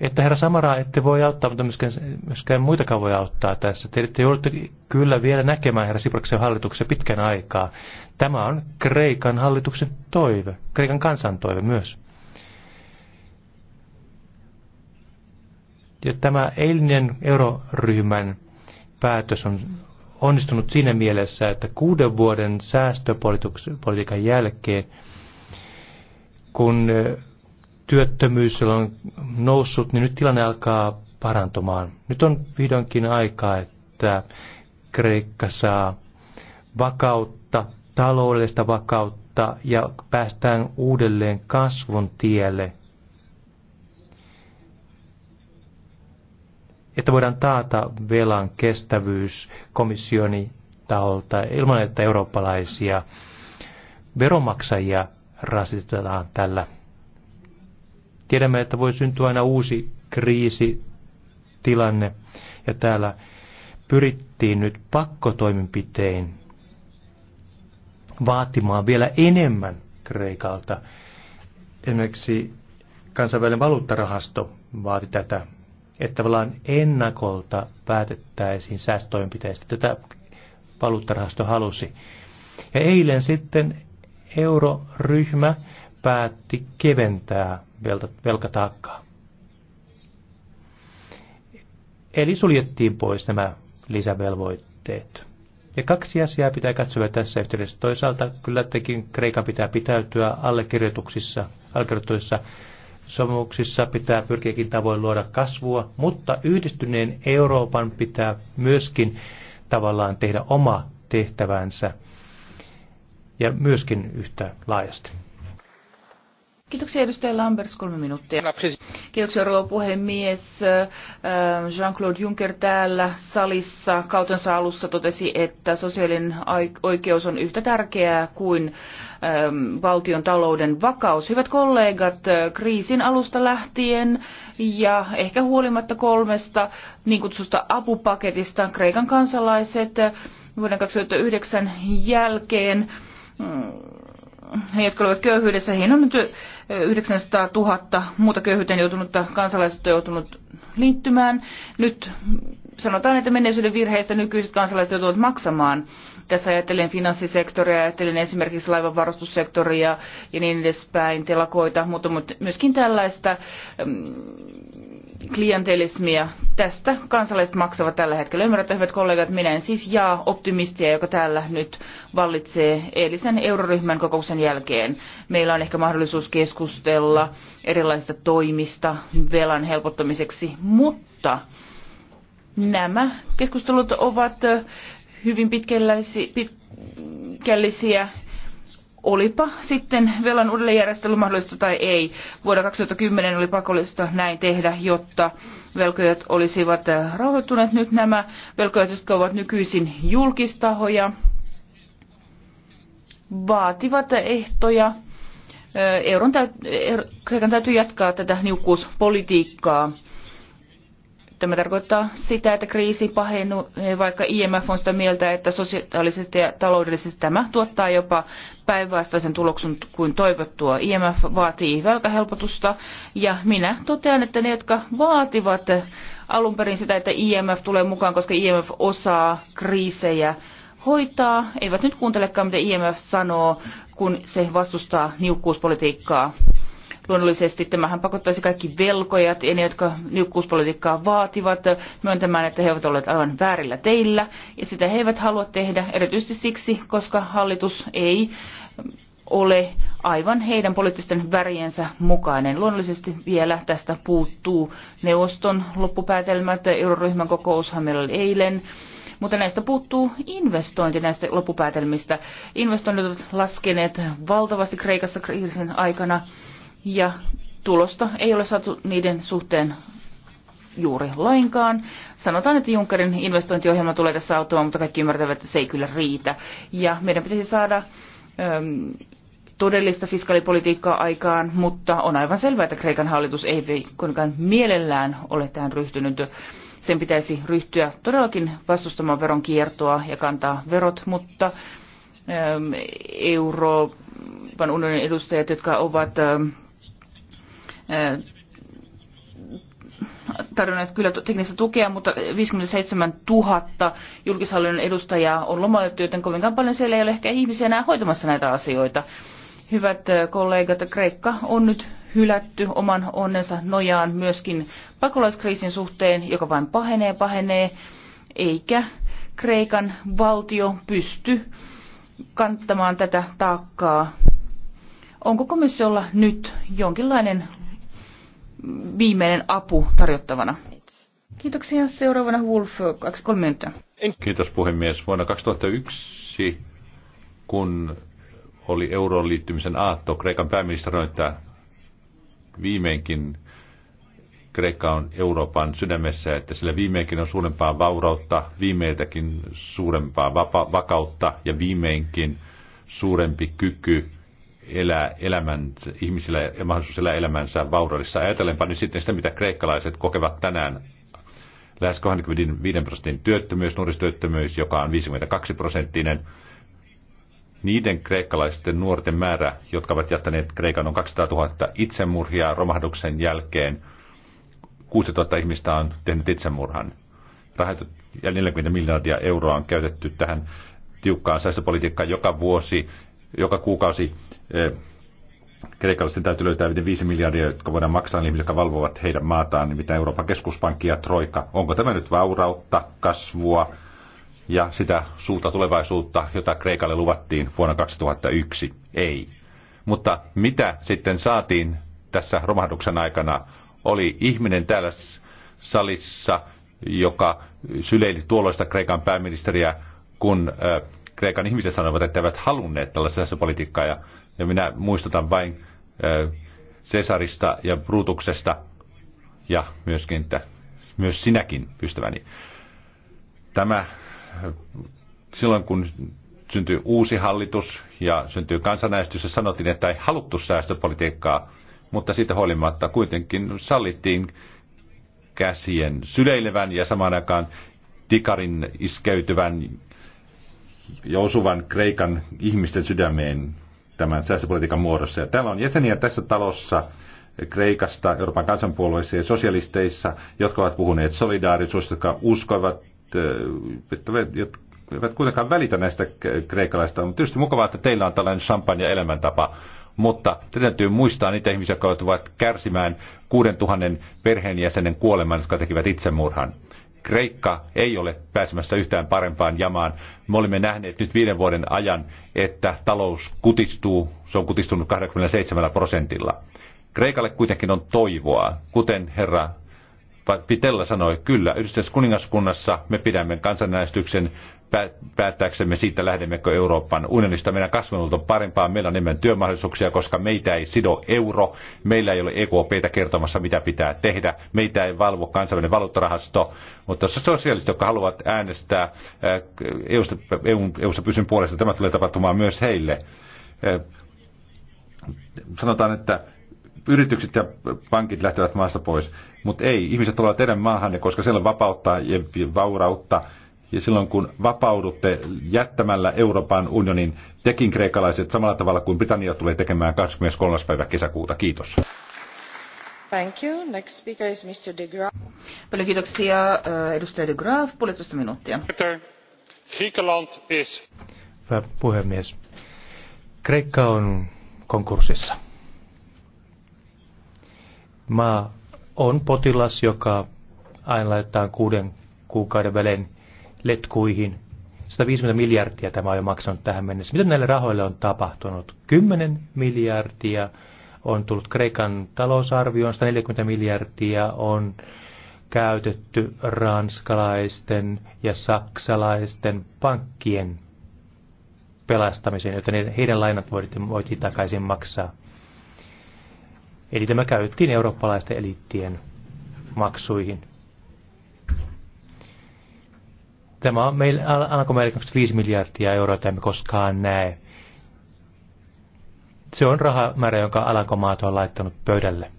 että herra Samara, ette voi auttaa, mutta myöskään, myöskään muitakaan voi auttaa tässä. Te, te joudutte kyllä vielä näkemään herra Sipraksen hallituksen pitkän aikaa. Tämä on Kreikan hallituksen toive, Kreikan kansan toive myös. Ja tämä eilinen euroryhmän päätös on onnistunut siinä mielessä, että kuuden vuoden säästöpolitiikan jälkeen, kun työttömyys on noussut, niin nyt tilanne alkaa parantumaan. Nyt on vihdoinkin aikaa, että Kreikka saa vakautta, taloudellista vakautta ja päästään uudelleen kasvun tielle että voidaan taata velan kestävyys komissioni taholta ilman, että eurooppalaisia veronmaksajia rasitetaan tällä. Tiedämme, että voi syntyä aina uusi kriisitilanne ja täällä pyrittiin nyt pakkotoimenpitein vaatimaan vielä enemmän Kreikalta. Esimerkiksi kansainvälinen valuuttarahasto vaati tätä että tavallaan ennakolta päätettäisiin säästötoimenpiteistä. Tätä valuuttarahasto halusi. Ja eilen sitten euroryhmä päätti keventää velkataakkaa. Eli suljettiin pois nämä lisävelvoitteet. Ja kaksi asiaa pitää katsoa tässä yhteydessä. Toisaalta kyllä tekin Kreikan pitää pitäytyä allekirjoituksissa, allekirjoituissa sopimuksissa pitää pyrkiäkin tavoin luoda kasvua, mutta yhdistyneen Euroopan pitää myöskin tavallaan tehdä oma tehtävänsä ja myöskin yhtä laajasti. Kiitoksia edustaja Lambers, kolme minuuttia. Kiitoksia rouva puhemies. Äh, Jean-Claude Juncker täällä salissa kautensa alussa totesi, että sosiaalinen oikeus on yhtä tärkeää kuin ähm, valtion talouden vakaus. Hyvät kollegat, äh, kriisin alusta lähtien ja ehkä huolimatta kolmesta niin kutsusta apupaketista Kreikan kansalaiset äh, vuoden 2009 jälkeen, mm, jotka olivat köyhyydessä, heidän on nyt 900 000 muuta köyhyyteen joutunutta kansalaisuutta joutunut liittymään. Nyt sanotaan, että menneisyyden virheistä nykyiset kansalaiset joutuvat maksamaan. Tässä ajattelen finanssisektoria, ajattelen esimerkiksi laivanvarustussektoria ja niin edespäin, telakoita, mutta myöskin tällaista mm, klientelismia. Tästä kansalaiset maksavat tällä hetkellä. Ymmärrätte, hyvät kollegat, minä en siis jaa optimistia, joka täällä nyt vallitsee eilisen euroryhmän kokouksen jälkeen. Meillä on ehkä mahdollisuus keskustella erilaisista toimista velan helpottamiseksi, mutta nämä keskustelut ovat hyvin pitkällisiä olipa sitten velan uudelleenjärjestely mahdollista tai ei. Vuonna 2010 oli pakollista näin tehdä, jotta velkojat olisivat äh, rauhoittuneet. Nyt nämä velkojat, jotka ovat nykyisin julkistahoja, vaativat ehtoja. Äh, euron täyt, er- Kreikan täytyy jatkaa tätä niukkuuspolitiikkaa. Tämä tarkoittaa sitä, että kriisi pahenee, vaikka IMF on sitä mieltä, että sosiaalisesti ja taloudellisesti tämä tuottaa jopa päinvastaisen tuloksen kuin toivottua. IMF vaatii velkahelpotusta ja minä totean, että ne, jotka vaativat alun perin sitä, että IMF tulee mukaan, koska IMF osaa kriisejä hoitaa, eivät nyt kuuntelekaan, mitä IMF sanoo, kun se vastustaa niukkuuspolitiikkaa. Luonnollisesti tämähän pakottaisi kaikki velkojat ja ne, jotka niukkuuspolitiikkaa vaativat, myöntämään, että he ovat olleet aivan väärillä teillä. Ja sitä he eivät halua tehdä erityisesti siksi, koska hallitus ei ole aivan heidän poliittisten väriensä mukainen. Luonnollisesti vielä tästä puuttuu neuvoston loppupäätelmät, euroryhmän kokoushan meillä oli eilen, mutta näistä puuttuu investointi näistä loppupäätelmistä. Investoinnit ovat laskeneet valtavasti Kreikassa kriisin aikana ja tulosta ei ole saatu niiden suhteen juuri lainkaan. Sanotaan, että Junckerin investointiohjelma tulee tässä auttamaan, mutta kaikki ymmärtävät, että se ei kyllä riitä. Ja meidän pitäisi saada äm, todellista fiskaalipolitiikkaa aikaan, mutta on aivan selvää, että Kreikan hallitus ei kuitenkaan mielellään ole tähän ryhtynyt. Sen pitäisi ryhtyä todellakin vastustamaan veron kiertoa ja kantaa verot, mutta äm, Euroopan unionin edustajat, jotka ovat äm, tarjonneet kyllä teknistä tukea, mutta 57 000 julkishallinnon edustajaa on lomautettu, joten kovinkaan paljon siellä ei ole ehkä ihmisiä enää hoitamassa näitä asioita. Hyvät kollegat, Kreikka on nyt hylätty oman onnensa nojaan myöskin pakolaiskriisin suhteen, joka vain pahenee pahenee, eikä Kreikan valtio pysty kantamaan tätä taakkaa. Onko komissiolla nyt jonkinlainen viimeinen apu tarjottavana. Kiitoksia. Seuraavana Wolf, kolme minuuttia. Kiitos puhemies. Vuonna 2001, kun oli euroon liittymisen aatto, Kreikan pääministeri sanoi, että viimeinkin Kreikka on Euroopan sydämessä, että sillä viimeinkin on suurempaa vaurautta, viimeiltäkin suurempaa vapa- vakautta ja viimeinkin suurempi kyky elää elämänsä, ihmisillä ja mahdollisuus elää elämänsä vaurallissa. Ajatellenpa nyt sitten sitä, mitä kreikkalaiset kokevat tänään. Lähes 25 prosentin työttömyys, nuorisotyöttömyys, joka on 52 prosenttinen. Niiden kreikkalaisten nuorten määrä, jotka ovat jättäneet Kreikan, on 200 000 itsemurhia romahduksen jälkeen. 6 000 ihmistä on tehnyt itsemurhan. Rahoitut ja 40 miljardia euroa on käytetty tähän tiukkaan säästöpolitiikkaan joka vuosi joka kuukausi eh, kreikkalaisten täytyy löytää 5 miljardia, jotka voidaan maksaa niille, jotka valvovat heidän maataan, mitä Euroopan keskuspankki ja Troika. Onko tämä nyt vaurautta, kasvua ja sitä suuta tulevaisuutta, jota Kreikalle luvattiin vuonna 2001? Ei. Mutta mitä sitten saatiin tässä romahduksen aikana? Oli ihminen täällä salissa, joka syleili tuolloista Kreikan pääministeriä, kun eh, Kreikan ihmiset sanovat, että eivät halunneet tällaista politiikkaa. Ja, ja minä muistutan vain ö, Cesarista ja Brutuksesta ja myöskin, että myös sinäkin, ystäväni. Tämä, silloin kun syntyi uusi hallitus ja syntyi kansanäistys, ja sanottiin, että ei haluttu säästöpolitiikkaa, mutta siitä huolimatta kuitenkin sallittiin käsien syleilevän ja samaan aikaan tikarin iskeytyvän ja osuvan Kreikan ihmisten sydämeen tämän säästöpolitiikan muodossa. Ja täällä on jäseniä tässä talossa Kreikasta, Euroopan kansanpuolueissa ja sosialisteissa, jotka ovat puhuneet solidaarisuudesta, jotka uskoivat, eh, että eivät kuitenkaan välitä näistä kreikalaista. On tietysti mukavaa, että teillä on tällainen champagne elämäntapa, mutta te täytyy muistaa niitä ihmisiä, jotka joutuvat kärsimään 6000 perheenjäsenen kuoleman, jotka tekivät itsemurhan. Kreikka ei ole pääsemässä yhtään parempaan jamaan. Me olemme nähneet nyt viiden vuoden ajan, että talous kutistuu, se on kutistunut 27 prosentilla. Kreikalle kuitenkin on toivoa, kuten herra Pitella sanoi, kyllä, yhdistyskuningaskunnassa kuningaskunnassa me pidämme kansanäänestyksen, päättääksemme siitä, lähdemmekö Euroopan unionista. Meidän kasvanut on parempaa, meillä on enemmän työmahdollisuuksia, koska meitä ei sido euro, meillä ei ole EKPtä kertomassa, mitä pitää tehdä, meitä ei valvo kansainvälinen valuuttarahasto, mutta sosiaaliset, jotka haluavat äänestää EU-sta e e pysyn puolesta, tämä tulee tapahtumaan myös heille. Sanotaan, että yritykset ja pankit lähtevät maasta pois, mutta ei, ihmiset tulevat teidän maahanne, koska siellä on vapautta ja vaurautta ja silloin kun vapaudutte jättämällä Euroopan unionin, tekin kreikalaiset samalla tavalla kuin Britannia tulee tekemään 23. päivä kesäkuuta. Kiitos. Thank you. Next speaker is Mr. De Graaf. Paljon kiitoksia. Äh, edustaja De Graaf, puolitoista minuuttia. Griekenland is... Hyvä puhemies. Kreikka on konkurssissa. Maa on potilas, joka aina laitetaan kuuden kuukauden välein letkuihin. 150 miljardia tämä on jo maksanut tähän mennessä. Mitä näille rahoille on tapahtunut? 10 miljardia on tullut Kreikan talousarvioon, 140 miljardia on käytetty ranskalaisten ja saksalaisten pankkien pelastamiseen, jotta heidän lainat voitiin, voitiin takaisin maksaa. Eli tämä käytettiin eurooppalaisten eliittien maksuihin. Tämä on meille, alkoi meille 25 miljardia euroa, jota emme koskaan näe. Se on rahamäärä, jonka Alankomaat on laittanut pöydälle.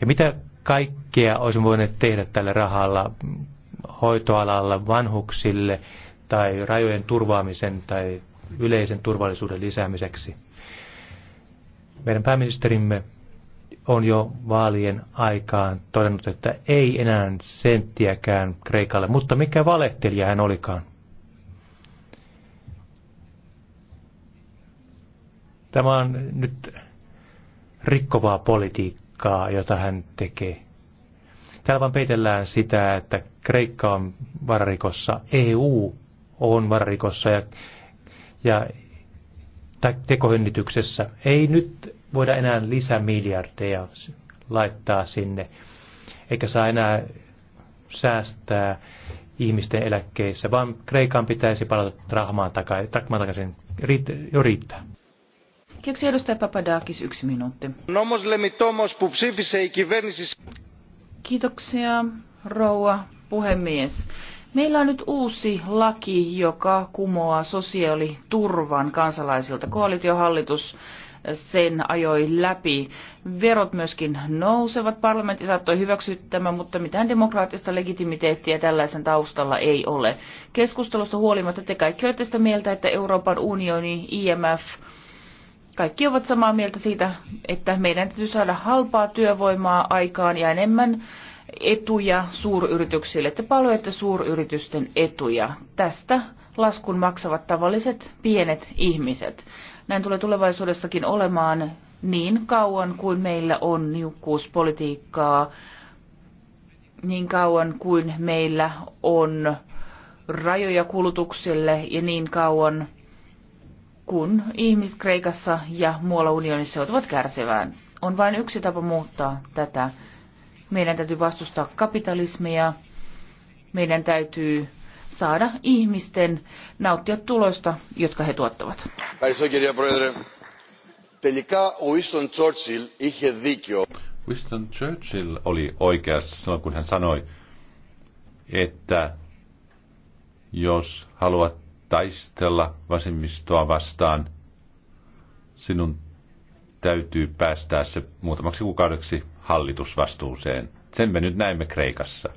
Ja mitä kaikkea olisi voinut tehdä tällä rahalla hoitoalalla, vanhuksille tai rajojen turvaamisen tai yleisen turvallisuuden lisäämiseksi? Meidän pääministerimme on jo vaalien aikaan todennut, että ei enää senttiäkään Kreikalle, mutta mikä valehtelija hän olikaan. Tämä on nyt rikkovaa politiikkaa, jota hän tekee. Täällä vaan peitellään sitä, että Kreikka on vararikossa, EU on vararikossa ja, ja tekohynnityksessä. Ei nyt voida enää lisämiljardeja laittaa sinne, eikä saa enää säästää ihmisten eläkkeissä, vaan Kreikan pitäisi palata rahmaan takaisin, takmaan takaisin jo riittää. Kiitoksia edustaja Papadakis, yksi minuutti. Nomos Kiitoksia, rouva puhemies. Meillä on nyt uusi laki, joka kumoaa sosiaaliturvan kansalaisilta. Koalitiohallitus hallitus sen ajoi läpi. Verot myöskin nousevat. Parlamentti saattoi hyväksyä tämän, mutta mitään demokraattista legitimiteettiä tällaisen taustalla ei ole. Keskustelusta huolimatta te kaikki olette sitä mieltä, että Euroopan unioni, IMF, kaikki ovat samaa mieltä siitä, että meidän täytyy saada halpaa työvoimaa aikaan ja enemmän etuja suuryrityksille. Te palvelette suuryritysten etuja. Tästä laskun maksavat tavalliset pienet ihmiset. Näin tulee tulevaisuudessakin olemaan niin kauan kuin meillä on niukkuuspolitiikkaa, niin kauan kuin meillä on rajoja kulutukselle ja niin kauan kun ihmiset Kreikassa ja muualla unionissa joutuvat kärsivään. On vain yksi tapa muuttaa tätä. Meidän täytyy vastustaa kapitalismia, meidän täytyy saada ihmisten nauttia tuloista, jotka he tuottavat. Winston Churchill oli oikeassa silloin, kun hän sanoi, että jos haluat taistella vasemmistoa vastaan, sinun täytyy päästää se muutamaksi kuukaudeksi hallitusvastuuseen. Sen me nyt näemme Kreikassa.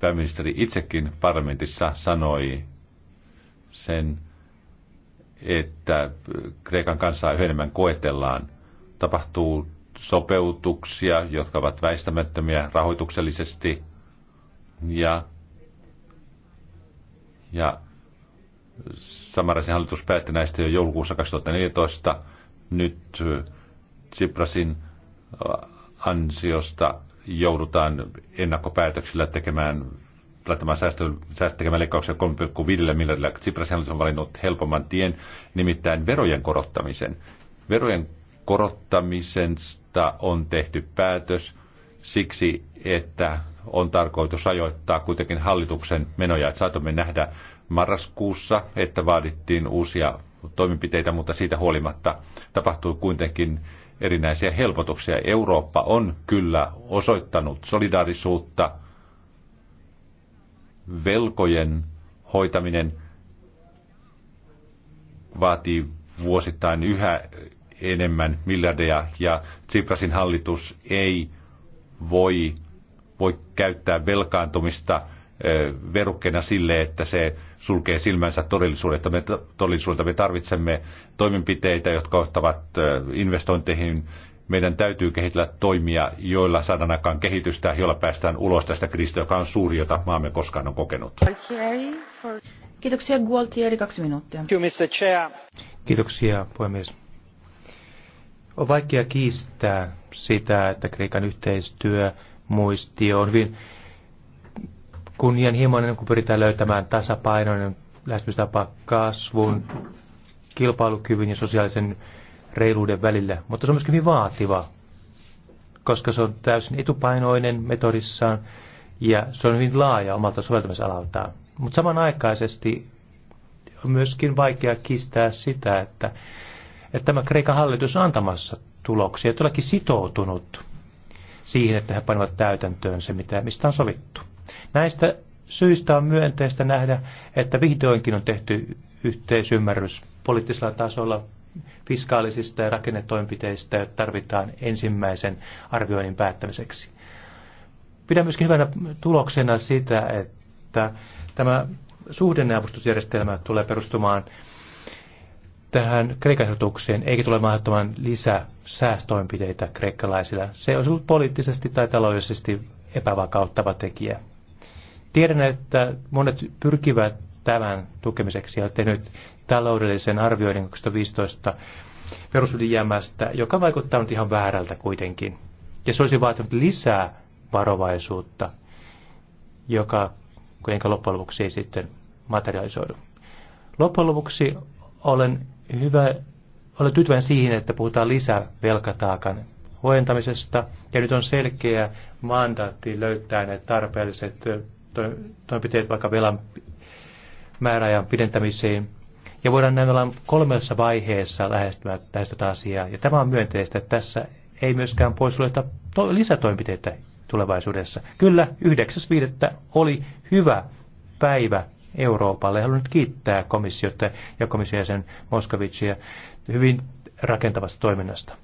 Pääministeri itsekin parlamentissa sanoi sen, että Kreikan kansaa yhä enemmän koetellaan. Tapahtuu sopeutuksia, jotka ovat väistämättömiä rahoituksellisesti ja, ja Samaraisen hallitus päätti näistä jo joulukuussa 2014. Nyt Tsiprasin ansiosta joudutaan ennakkopäätöksillä tekemään laittamaan säästö, tekemään leikkauksia 3,5 miljardilla. Tsipras on valinnut helpomman tien, nimittäin verojen korottamisen. Verojen korottamisesta on tehty päätös siksi, että on tarkoitus rajoittaa kuitenkin hallituksen menoja. Et saatamme nähdä marraskuussa, että vaadittiin uusia toimenpiteitä, mutta siitä huolimatta tapahtui kuitenkin erinäisiä helpotuksia. Eurooppa on kyllä osoittanut solidaarisuutta, velkojen hoitaminen vaatii vuosittain yhä enemmän miljardeja ja Tsiprasin hallitus ei voi, voi käyttää velkaantumista – verukkeena sille, että se sulkee silmänsä todellisuudelta. Me, todellisuudelta me tarvitsemme toimenpiteitä, jotka ottavat investointeihin. Meidän täytyy kehitellä toimia, joilla saadaan aikaan kehitystä, joilla päästään ulos tästä kriisistä, joka on suuri, jota maamme koskaan on kokenut. Kiitoksia Gualtieri, kaksi minuuttia. Kiitoksia puhemies. On vaikea kiistää sitä, että Kreikan yhteistyö muisti on hyvin kunnianhimoinen, kun pyritään löytämään tasapainoinen lähestymistapa kasvun, kilpailukyvyn ja sosiaalisen reiluuden välillä. Mutta se on myöskin hyvin vaativa, koska se on täysin etupainoinen metodissaan ja se on hyvin laaja omalta soveltamisalaltaan. Mutta samanaikaisesti on myöskin vaikea kistää sitä, että, että tämä Kreikan hallitus on antamassa tuloksia, todellakin sitoutunut siihen, että he panevat täytäntöön se, mitä, mistä on sovittu. Näistä syistä on myönteistä nähdä, että vihdoinkin on tehty yhteisymmärrys poliittisella tasolla fiskaalisista ja rakennetoimenpiteistä tarvitaan ensimmäisen arvioinnin päättämiseksi. Pidän myöskin hyvänä tuloksena sitä, että tämä suhdenneavustusjärjestelmä tulee perustumaan tähän Kreikan eikä tule mahdottoman lisää säästöimenpiteitä kreikkalaisilla. Se on ollut poliittisesti tai taloudellisesti epävakauttava tekijä. Tiedän, että monet pyrkivät tämän tukemiseksi ja on tehnyt taloudellisen arvioinnin 2015 perusylijäämästä, joka vaikuttaa nyt ihan väärältä kuitenkin. Ja se olisi vaatinut lisää varovaisuutta, joka kuitenkaan loppujen lopuksi ei sitten materialisoidu. Loppujen lopuksi olen, hyvä, olen tyytyväinen siihen, että puhutaan lisää velkataakan huojentamisesta, ja nyt on selkeä mandaatti löytää ne tarpeelliset toimenpiteet vaikka velan määräajan pidentämiseen. Ja voidaan näin olla kolmessa vaiheessa lähestyä tästä asiaa. Ja tämä on myönteistä, että tässä ei myöskään to- lisätoimenpiteitä tulevaisuudessa. Kyllä, 9.5. oli hyvä päivä Euroopalle. Haluan nyt kiittää komissiota ja komission jäsen Moskovicia hyvin rakentavasta toiminnasta.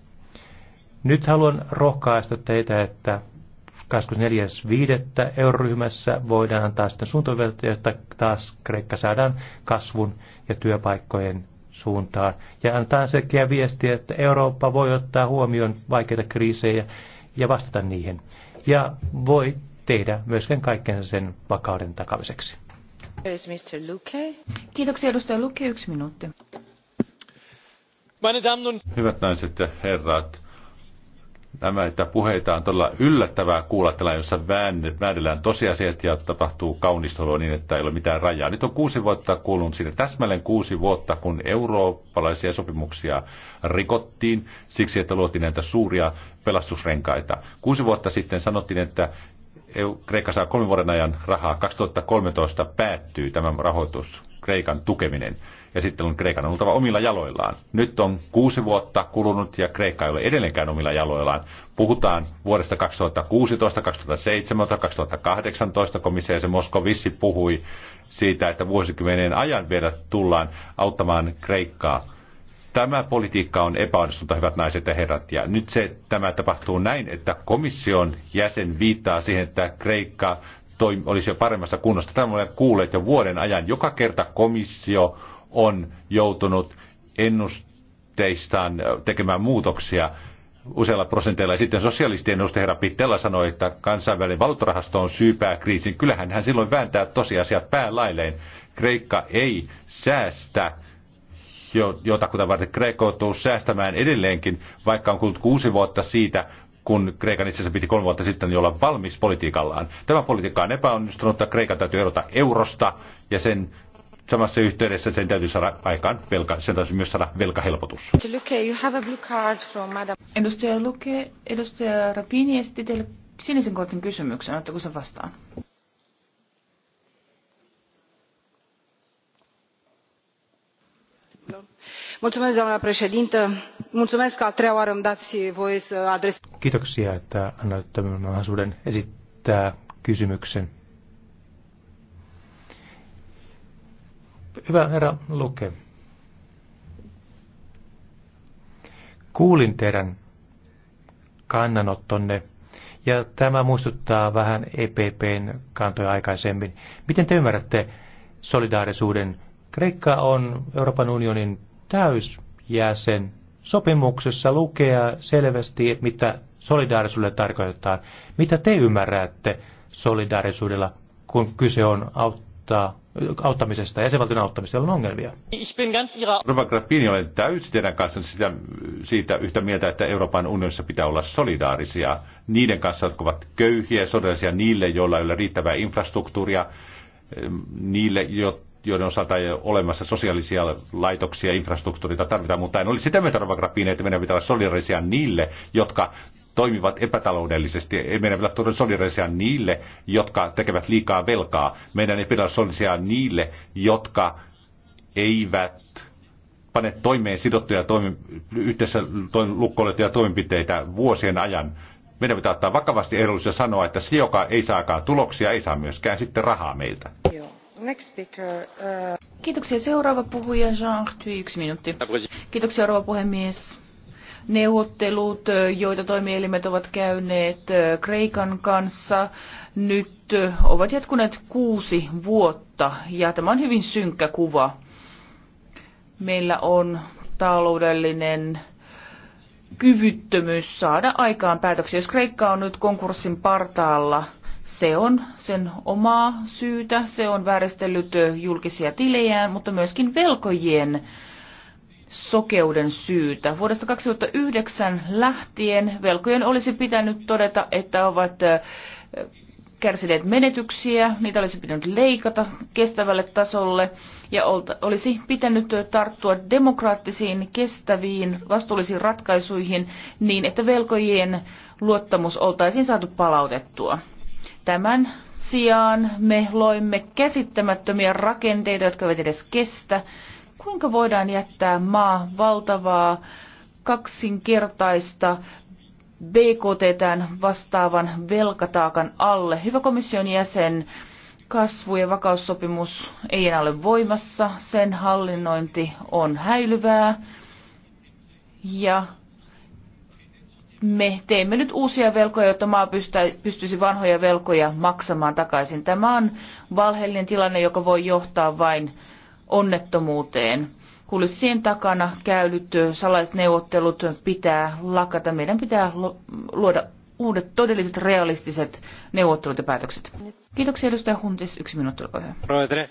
Nyt haluan rohkaista teitä, että 24.5. euroryhmässä voidaan antaa sitten suuntaviivat, jotta taas Kreikka saadaan kasvun ja työpaikkojen suuntaan. Ja antaa selkeä viesti, että Eurooppa voi ottaa huomioon vaikeita kriisejä ja vastata niihin. Ja voi tehdä myöskin kaiken sen vakauden takamiseksi. Kiitoksia edustaja Luke, yksi minuutti. Hyvät naiset ja herrat, nämä, että puheita on todella yllättävää kuulla tällä, jossa väännellään tosiasiat ja tapahtuu kaunistelua niin, että ei ole mitään rajaa. Nyt on kuusi vuotta kulunut siinä, täsmälleen kuusi vuotta, kun eurooppalaisia sopimuksia rikottiin siksi, että luotiin näitä suuria pelastusrenkaita. Kuusi vuotta sitten sanottiin, että Kreikka saa kolmen vuoden ajan rahaa. 2013 päättyy tämä rahoitus, Kreikan tukeminen ja sitten on Kreikan oltava omilla jaloillaan. Nyt on kuusi vuotta kulunut ja Kreikka ei ole edelleenkään omilla jaloillaan. Puhutaan vuodesta 2016, 2017, 2018. Komissio se Moskovissi puhui siitä, että vuosikymmenen ajan vielä tullaan auttamaan Kreikkaa. Tämä politiikka on epäonnistunut, hyvät naiset ja herrat. Ja nyt se, tämä tapahtuu näin, että komission jäsen viittaa siihen, että Kreikka toi, olisi jo paremmassa kunnossa. Tämä olen kuulleet jo vuoden ajan. Joka kerta komissio on joutunut ennusteistaan tekemään muutoksia useilla prosenteilla. Ja sitten sosialistien edustaja herra Pittella sanoi, että kansainvälinen valuuttarahasto on syypää kriisin. Kyllähän hän silloin vääntää tosiasiat päälailleen. Kreikka ei säästä jotakuta varten. Kreikka joutuu säästämään edelleenkin, vaikka on kulunut kuusi vuotta siitä, kun Kreikan itse asiassa piti kolme vuotta sitten niin olla valmis politiikallaan. Tämä politiikka on epäonnistunut, että Kreikan täytyy erota eurosta ja sen samassa yhteydessä sen täytyy saada aikaan velka, sen täytyy myös saada velkahelpotus. Edustaja Luke, edustaja Rapini esitti teille sinisen kortin kysymyksen, ottako se vastaan? doamnă președintă mulțumesc că a treia oară îmi dați voie să adresez. Kiitoksia, että annoitte mahdollisuuden esittää kysymyksen. Hyvä herra Luke, kuulin teidän kannanottonne ja tämä muistuttaa vähän EPPn kantoja aikaisemmin. Miten te ymmärrätte solidaarisuuden? Kreikka on Euroopan unionin täysjäsen. Sopimuksessa lukee selvästi, että mitä solidaarisuudelle tarkoitetaan. Mitä te ymmärrätte solidaarisuudella, kun kyse on auttaa auttamisesta ja jäsenvaltion auttamisesta, on ongelmia. Rova Grappini, olen täysin teidän kanssa sitä, siitä yhtä mieltä, että Euroopan unionissa pitää olla solidaarisia niiden kanssa, jotka ovat köyhiä, solidaarisia niille, joilla ei ole riittävää infrastruktuuria, niille, jotka joiden osalta ei ole olemassa sosiaalisia laitoksia, infrastruktuuria tarvitaan, mutta en olisi sitä mieltä, Rova Grappini, että meidän pitää olla solidaarisia niille, jotka toimivat epätaloudellisesti. Ei meidän pidä olla solidarisia niille, jotka tekevät liikaa velkaa. Meidän ei pidä olla solidarisia niille, jotka eivät pane toimeen sidottuja toimi, yhdessä lukkoilettuja toimenpiteitä vuosien ajan. Meidän pitää ottaa vakavasti ehdollisuus ja sanoa, että se, joka ei saakaan tuloksia, ei saa myöskään sitten rahaa meiltä. Next speaker, uh... Kiitoksia. Seuraava puhuja Jean Arthur, yksi minuutti. Kiitoksia, rouva puhemies neuvottelut, joita toimielimet ovat käyneet Kreikan kanssa, nyt ovat jatkuneet kuusi vuotta ja tämä on hyvin synkkä kuva. Meillä on taloudellinen kyvyttömyys saada aikaan päätöksiä. Jos Kreikka on nyt konkurssin partaalla, se on sen omaa syytä, se on vääristellyt julkisia tilejään, mutta myöskin velkojien sokeuden syytä. Vuodesta 2009 lähtien velkojen olisi pitänyt todeta, että ovat kärsineet menetyksiä, niitä olisi pitänyt leikata kestävälle tasolle ja olisi pitänyt tarttua demokraattisiin, kestäviin, vastuullisiin ratkaisuihin niin, että velkojien luottamus oltaisiin saatu palautettua. Tämän sijaan me loimme käsittämättömiä rakenteita, jotka eivät edes kestä Kuinka voidaan jättää maa valtavaa kaksinkertaista BKT vastaavan velkataakan alle? Hyvä komission jäsen, kasvu- ja vakaussopimus ei enää ole voimassa, sen hallinnointi on häilyvää ja me teemme nyt uusia velkoja, jotta maa pystyisi vanhoja velkoja maksamaan takaisin. Tämä on valheellinen tilanne, joka voi johtaa vain onnettomuuteen. Kulissien takana käydyt salaiset neuvottelut pitää lakata. Meidän pitää luoda uudet todelliset realistiset neuvottelut ja päätökset. Kiitoksia edustaja Huntis. Yksi minuutti, olkaa hyvä.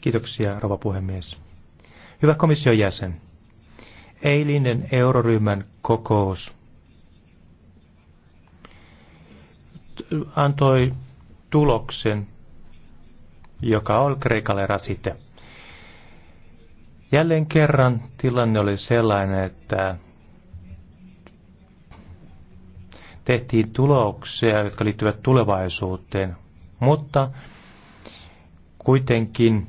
Kiitoksia, rouva puhemies. Hyvä komission jäsen. Eilinen euroryhmän kokous antoi tuloksen joka on Kreikalle rasite. Jälleen kerran tilanne oli sellainen, että tehtiin tuloksia, jotka liittyvät tulevaisuuteen, mutta kuitenkin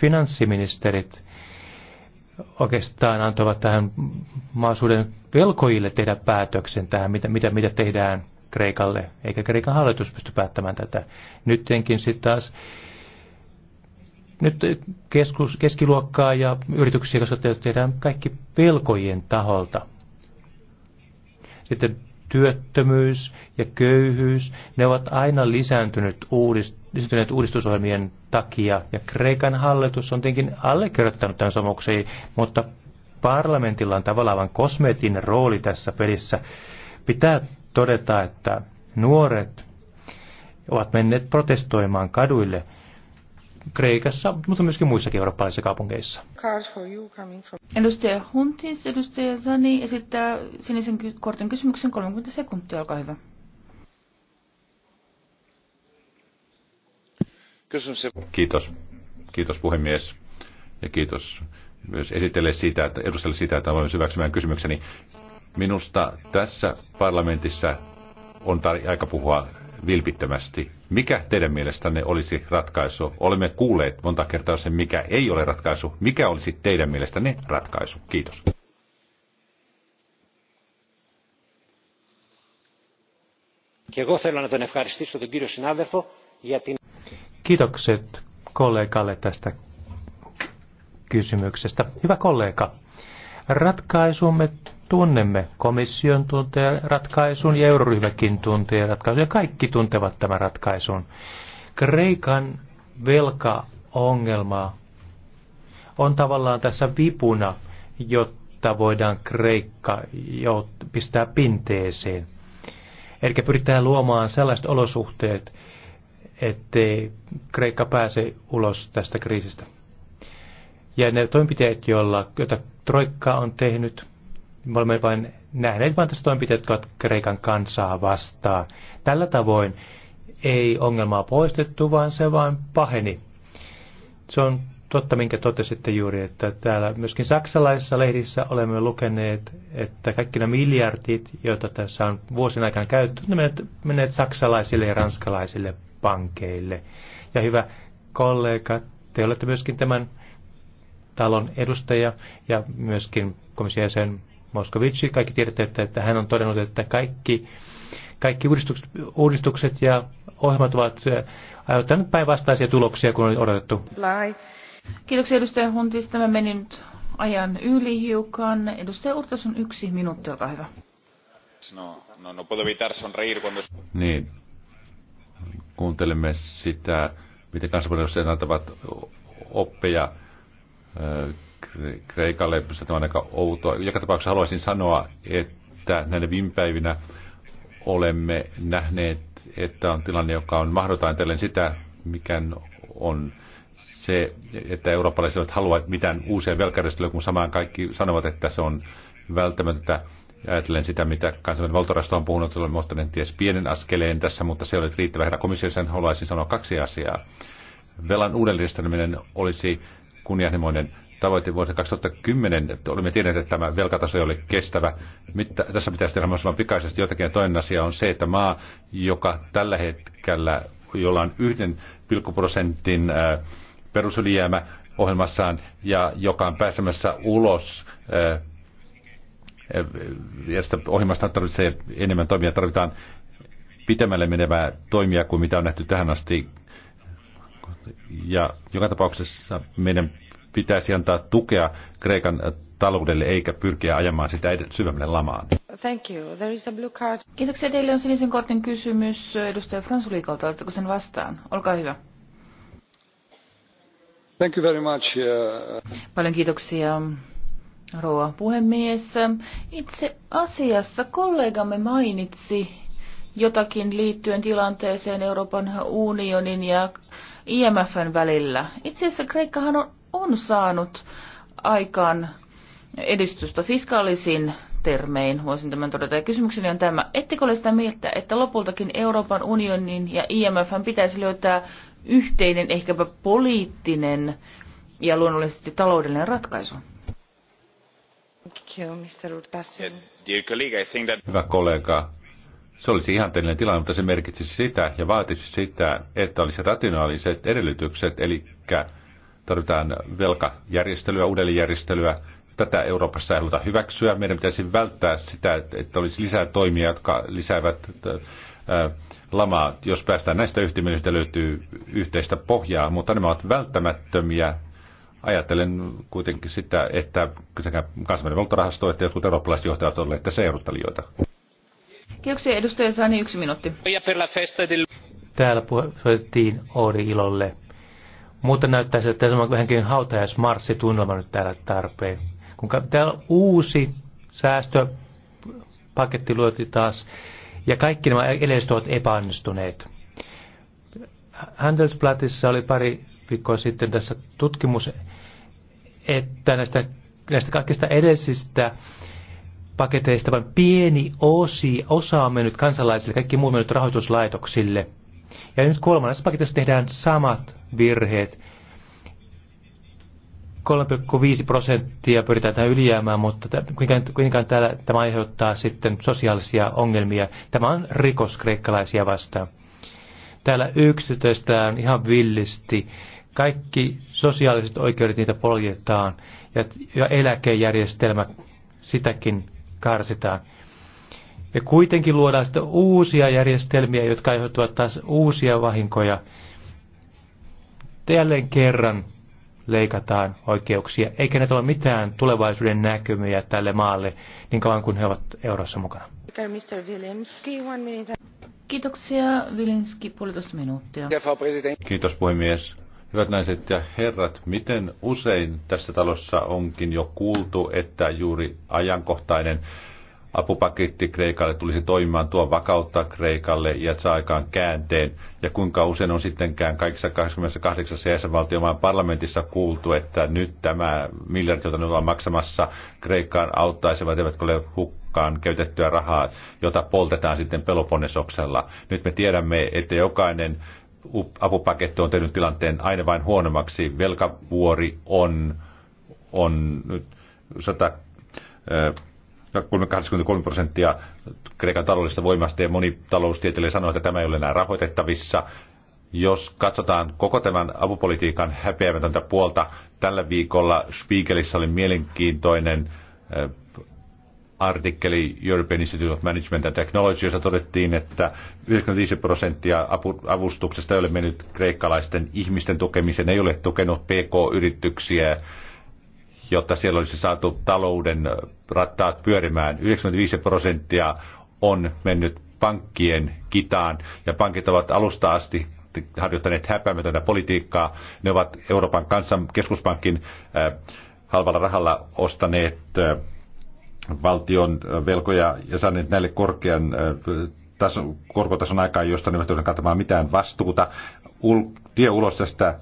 finanssiministerit oikeastaan antoivat tähän maasuuden velkoille tehdä päätöksen tähän, mitä, mitä, mitä tehdään Kreikalle, eikä Kreikan hallitus pysty päättämään tätä. Nyttenkin sitten taas nyt keskus, keskiluokkaa ja yrityksiä kasvattajat tehdään kaikki velkojen taholta. Sitten työttömyys ja köyhyys, ne ovat aina lisääntynyt uudist, lisääntyneet uudistusohjelmien takia. Ja Kreikan hallitus on tietenkin allekirjoittanut tämän sopimuksen, mutta Parlamentilla on tavallaan vain kosmeettinen rooli tässä pelissä. Pitää todeta, että nuoret ovat menneet protestoimaan kaduille Kreikassa, mutta myöskin muissakin eurooppalaisissa kaupungeissa. Edustaja Huntis, edustaja Zani esittää sinisen kortin kysymyksen 30 sekuntia, olkaa hyvä. Kiitos. Kiitos puhemies ja kiitos myös esitellä siitä, että edustella sitä, että olen hyväksymään kysymykseni. Minusta tässä parlamentissa on tar- aika puhua vilpittömästi. Mikä teidän mielestänne olisi ratkaisu? Olemme kuulleet monta kertaa sen, mikä ei ole ratkaisu. Mikä olisi teidän mielestänne ratkaisu? Kiitos. Kiitokset kollegalle tästä kysymyksestä. Hyvä kollega, ratkaisumme tunnemme. Komission tuntee ratkaisun ja euroryhmäkin tuntee ratkaisun ja kaikki tuntevat tämän ratkaisun. Kreikan velkaongelma on tavallaan tässä vipuna, jotta voidaan Kreikka jo pistää pinteeseen. Eli pyritään luomaan sellaiset olosuhteet, ettei Kreikka pääse ulos tästä kriisistä. Ja ne toimenpiteet, joilla, joita Troikka on tehnyt, me olemme vain nähneet vain tässä toimenpiteet, jotka ovat Kreikan kansaa vastaan. Tällä tavoin ei ongelmaa poistettu, vaan se vain paheni. Se on totta, minkä totesitte juuri, että täällä myöskin saksalaisissa lehdissä olemme lukeneet, että kaikki nämä miljardit, joita tässä on vuosien aikana käytetty, ne menet menet saksalaisille ja ranskalaisille pankeille. Ja hyvä kollega, te olette myöskin tämän talon edustaja ja myöskin komission jäsen Moskovici. Kaikki tiedätte, että, että hän on todennut, että kaikki, kaikki uudistukset, uudistukset ja ohjelmat ovat äh, aiheuttaneet päinvastaisia tuloksia, kun oli odotettu. Kiitoksia edustaja Huntis. Tämä meni nyt ajan yli hiukan. Edustaja Urtas on yksi minuutti, olkaa hyvä. No, no, no puedo evitar sonreír cuando... Niin. Kuuntelemme sitä, miten kansanvaltuustajat antavat oppeja Kreikalle. Se on aika outoa. Joka tapauksessa haluaisin sanoa, että näinä viime päivinä olemme nähneet, että on tilanne, joka on mahdoton ajatellen sitä, mikä on se, että eurooppalaiset eivät halua mitään uusia velkajärjestelyjä, kun samaan kaikki sanovat, että se on välttämätöntä. Ajatellen sitä, mitä kansainvälinen valtorasto on puhunut, olemme ottaneet ties pienen askeleen tässä, mutta se oli riittävä. Herra sen haluaisin sanoa kaksi asiaa. Velan uudelleenjärjestelminen olisi kunnianhimoinen tavoite vuonna 2010. Olimme tienneet, että tämä velkataso ei ole kestävä. Mitä, tässä pitäisi tehdä mahdollisimman pikaisesti jotakin. toinen asia on se, että maa, joka tällä hetkellä, jolla on yhden prosentin äh, perusylijäämä ohjelmassaan ja joka on pääsemässä ulos äh, äh, ja sitä ohjelmasta tarvitsee enemmän toimia, tarvitaan pitemmälle menevää toimia kuin mitä on nähty tähän asti ja joka tapauksessa meidän pitäisi antaa tukea Kreikan taloudelle eikä pyrkiä ajamaan sitä syvemmälle lamaan. Thank you. There is a blue card. Kiitoksia. Teille on sinisen kortin kysymys edustaja Fransulikolta. Oletteko sen vastaan? Olkaa hyvä. Thank you very much. Uh, Paljon kiitoksia, rouva puhemies. Itse asiassa kollegamme mainitsi jotakin liittyen tilanteeseen Euroopan unionin ja IMFn välillä. Itse asiassa Kreikkahan on, on saanut aikaan edistystä fiskaalisin termein, voisin tämän todeta. Ja kysymykseni on tämä, ettekö ole sitä mieltä, että lopultakin Euroopan unionin ja IMFn pitäisi löytää yhteinen, ehkäpä poliittinen ja luonnollisesti taloudellinen ratkaisu? Hyvä kollega, se olisi ihanteellinen tilanne, mutta se merkitsisi sitä ja vaatisi sitä, että olisi rationaaliset edellytykset, eli tarvitaan velkajärjestelyä, uudelleenjärjestelyä. Tätä Euroopassa ei haluta hyväksyä. Meidän pitäisi välttää sitä, että olisi lisää toimia, jotka lisäävät äh, äh, lamaa. Jos päästään näistä yhtiöistä, löytyy yhteistä pohjaa, mutta nämä ovat välttämättömiä ajattelen kuitenkin sitä, että sekä kansainvälinen valtarahasto että jotkut eurooppalaiset johtajat ovat olleet tässä Kiitoksia edustaja Sani, yksi minuutti. Täällä soitettiin Oodi Ilolle. Muuten näyttää siltä, että tämä on vähänkin hautajaismarssitunnelma nyt täällä tarpeen. Kun täällä on uusi säästöpaketti luotiin taas, ja kaikki nämä edelliset ovat epäonnistuneet. Handelsblattissa oli pari viikkoa sitten tässä tutkimus, että näistä, näistä kaikista edellisistä paketeista vain pieni osi, osa on mennyt kansalaisille, kaikki muu on mennyt rahoituslaitoksille. Ja nyt kolmannessa paketissa tehdään samat virheet. 3,5 prosenttia pyritään tähän ylijäämään, mutta kuitenkaan täällä tämä aiheuttaa sitten sosiaalisia ongelmia. Tämä on rikos kreikkalaisia vastaan. Täällä yksityistetään ihan villisti. Kaikki sosiaaliset oikeudet niitä poljetaan ja eläkejärjestelmä sitäkin karsitaan. Me kuitenkin luodaan sitten uusia järjestelmiä, jotka aiheuttavat taas uusia vahinkoja. Jälleen kerran leikataan oikeuksia, eikä ne ole mitään tulevaisuuden näkymiä tälle maalle niin kauan kuin he ovat eurossa mukana. Kiitoksia, Vilinski, puolitoista minuuttia. Kiitos puhemies. Hyvät naiset ja herrat, miten usein tässä talossa onkin jo kuultu, että juuri ajankohtainen apupaketti Kreikalle tulisi toimimaan tuo vakautta Kreikalle ja saa aikaan käänteen. Ja kuinka usein on sittenkään kaikissa 28 jäsenvaltiomaan parlamentissa kuultu, että nyt tämä miljardi, jota nyt on maksamassa Kreikkaan, auttaisivat, eivätkö ole hukkaan käytettyä rahaa, jota poltetaan sitten Peloponnesoksella. Nyt me tiedämme, että jokainen apupaketti on tehnyt tilanteen aina vain huonommaksi. Velkavuori on, on nyt 100, 83 prosenttia Kreikan taloudellista voimasta ja moni taloustieteilijä sanoo, että tämä ei ole enää rahoitettavissa. Jos katsotaan koko tämän apupolitiikan häpeämätöntä puolta, tällä viikolla spiegelissä oli mielenkiintoinen artikkeli European Institute of Management and Technology, jossa todettiin, että 95 prosenttia avustuksesta ei ole mennyt kreikkalaisten ihmisten tukemiseen, ei ole tukenut PK-yrityksiä, jotta siellä olisi saatu talouden rattaat pyörimään. 95 prosenttia on mennyt pankkien kitaan ja pankit ovat alusta asti harjoittaneet häpäämätöntä politiikkaa. Ne ovat Euroopan kansan keskuspankin äh, halvalla rahalla ostaneet äh, valtion äh, velkoja ja saaneet näille korkean äh, taso, korkotason aikaan, josta ne eivät ole kantamaan mitään vastuuta. Ul, tie ulos tästä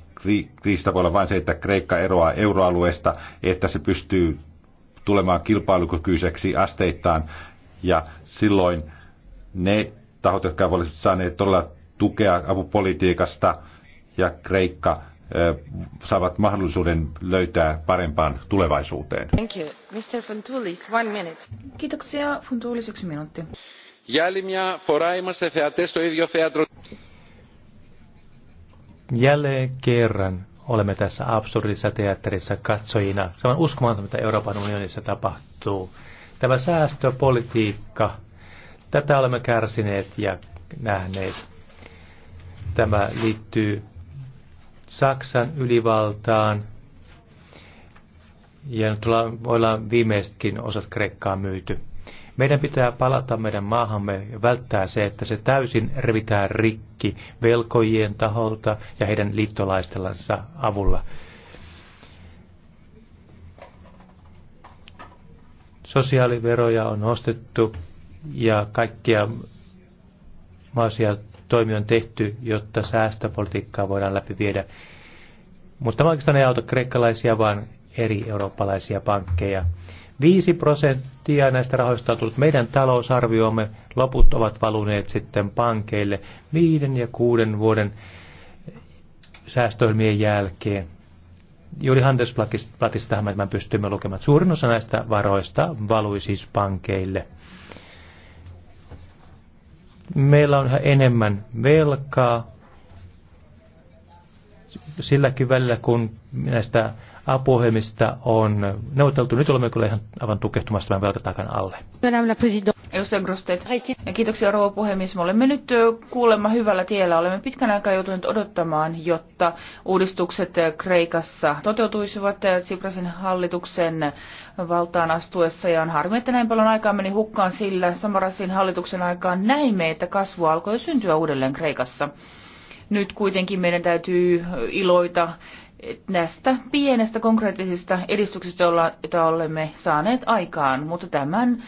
kriisistä voi olla vain se, että Kreikka eroaa euroalueesta, että se pystyy tulemaan kilpailukykyiseksi asteittain. Ja silloin ne tahot, jotka olisivat saaneet todella tukea apupolitiikasta ja Kreikka saavat mahdollisuuden löytää parempaan tulevaisuuteen. Thank you. Mr. Funtulis, one minute. Kiitoksia. Funtulis, yksi minuutti. Jälleen kerran olemme tässä absurdissa teatterissa katsojina. Se on uskomatonta, mitä Euroopan unionissa tapahtuu. Tämä säästöpolitiikka, tätä olemme kärsineet ja nähneet. Tämä liittyy Saksan ylivaltaan. Ja nyt ollaan viimeistkin osat Kreikkaa myyty. Meidän pitää palata meidän maahamme ja välttää se, että se täysin revitään rikki velkojien taholta ja heidän liittolaistelansa avulla. Sosiaaliveroja on ostettu ja kaikkia maasia toimi on tehty, jotta säästöpolitiikkaa voidaan läpi viedä. Mutta tämä oikeastaan ei auta kreikkalaisia, vaan eri eurooppalaisia pankkeja. 5 prosenttia näistä rahoista on tullut meidän talousarviomme, loput ovat valuneet sitten pankeille viiden ja kuuden vuoden säästöilmien jälkeen. Juuri Handelsblatistahan me pystymme lukemaan. Suurin osa näistä varoista valui siis pankeille meillä on yhä enemmän velkaa silläkin välillä, kun näistä apuohjelmista on neuvoteltu. Nyt olemme kyllä ihan aivan tukehtumassa tämän velkataakan alle. Edustaja Grosted. Kiitoksia rouva puhemies. Me olemme nyt kuulemma hyvällä tiellä. Olemme pitkän aikaa joutuneet odottamaan, jotta uudistukset Kreikassa toteutuisivat Tsiprasin hallituksen valtaan astuessa. Ja on harmi, että näin paljon aikaa meni hukkaan sillä Samarasin hallituksen aikaan näimme, että kasvu alkoi syntyä uudelleen Kreikassa. Nyt kuitenkin meidän täytyy iloita näistä pienestä konkreettisista edistyksistä, joita olemme saaneet aikaan, mutta tämän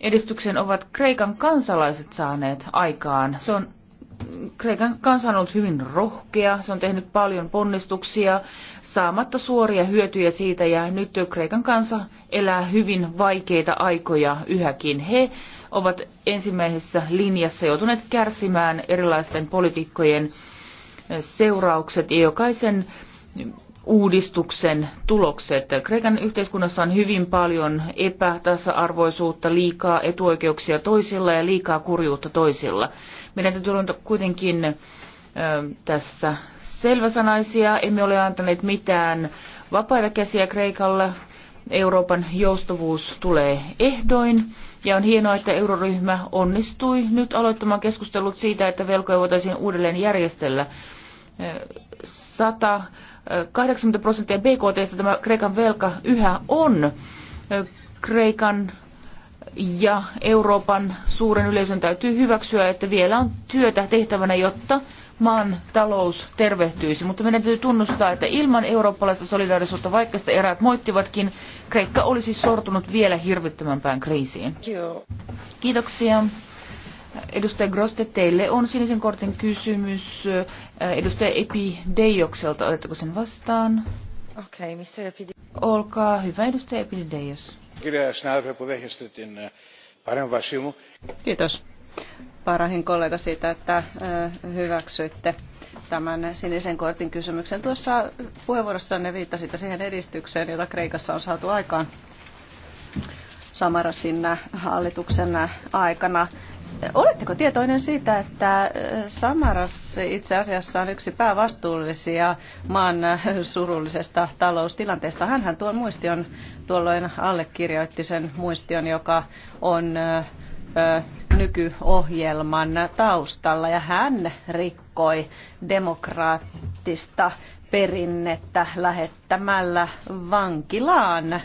edistyksen ovat Kreikan kansalaiset saaneet aikaan. Se on Kreikan kansa on ollut hyvin rohkea, se on tehnyt paljon ponnistuksia, saamatta suoria hyötyjä siitä ja nyt Kreikan kansa elää hyvin vaikeita aikoja yhäkin. He ovat ensimmäisessä linjassa joutuneet kärsimään erilaisten politiikkojen seuraukset ja jokaisen uudistuksen tulokset. Kreikan yhteiskunnassa on hyvin paljon epätasa-arvoisuutta, liikaa etuoikeuksia toisilla ja liikaa kurjuutta toisilla. Meidän täytyy olla kuitenkin ö, tässä selväsanaisia. Emme ole antaneet mitään vapaita käsiä Kreikalle. Euroopan joustavuus tulee ehdoin. Ja on hienoa, että euroryhmä onnistui nyt aloittamaan keskustelut siitä, että velkoja voitaisiin uudelleen järjestellä Sata 80 prosenttia BKT tämä Kreikan velka yhä on. Kreikan ja Euroopan suuren yleisön täytyy hyväksyä, että vielä on työtä tehtävänä, jotta maan talous tervehtyisi. Mutta meidän täytyy tunnustaa, että ilman eurooppalaista solidaarisuutta, vaikka sitä eräät moittivatkin, Kreikka olisi sortunut vielä hirvittömämpään kriisiin. Kiitoksia. Edustaja Groste, teille on sinisen kortin kysymys. Äh, edustaja Epi Deijokselta, otetteko sen vastaan? Okei, okay, Mr. Epi Olkaa hyvä, edustaja Epi Deijos. Äh, Kiitos Parahin kollega siitä, että äh, hyväksyitte tämän sinisen kortin kysymyksen. Tuossa puheenvuorossanne viittasitte siihen edistykseen, jota Kreikassa on saatu aikaan samara sinne hallituksen aikana. Oletteko tietoinen siitä, että äh, Samaras itse asiassa on yksi päävastuullisia maan äh, surullisesta taloustilanteesta? Hänhän tuon muistion tuolloin allekirjoitti sen muistion, joka on äh, nykyohjelman taustalla ja hän rikkoi demokraattista perinnettä lähettämällä vankilaan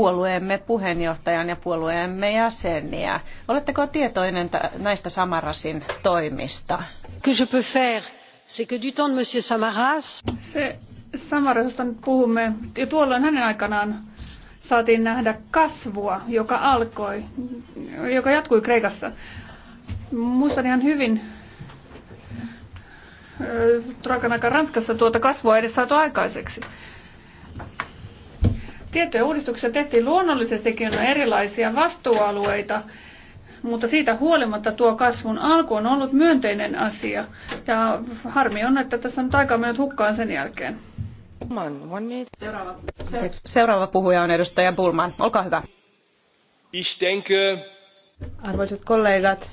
puolueemme puheenjohtajan ja puolueemme jäseniä. Oletteko tietoinen näistä Samarasin toimista? Que je peux faire, c'est que du temps de monsieur Samaras... Se Samaras, josta nyt puhumme, jo tuolloin hänen aikanaan saatiin nähdä kasvua, joka alkoi, joka jatkui Kreikassa. Muistan ihan hyvin Trakan aika Ranskassa tuota kasvua edes saatu aikaiseksi. Tiettyjä uudistuksia tehtiin luonnollisestikin on erilaisia vastuualueita, mutta siitä huolimatta tuo kasvun alku on ollut myönteinen asia. Ja harmi on, että tässä on aika mennyt hukkaan sen jälkeen. Seuraava, puhuja on edustaja Bulman. Olkaa hyvä. Arvoisat kollegat,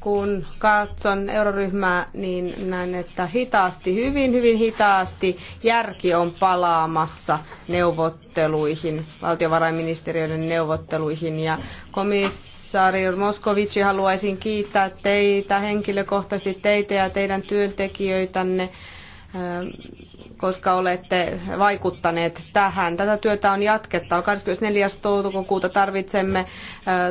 kun katson euroryhmää, niin näen, että hitaasti, hyvin, hyvin hitaasti järki on palaamassa neuvotteluihin, valtiovarainministeriöiden neuvotteluihin. Ja komissaari Moskovici haluaisin kiittää teitä henkilökohtaisesti, teitä ja teidän työntekijöitänne koska olette vaikuttaneet tähän. Tätä työtä on jatkettava. 24. toukokuuta tarvitsemme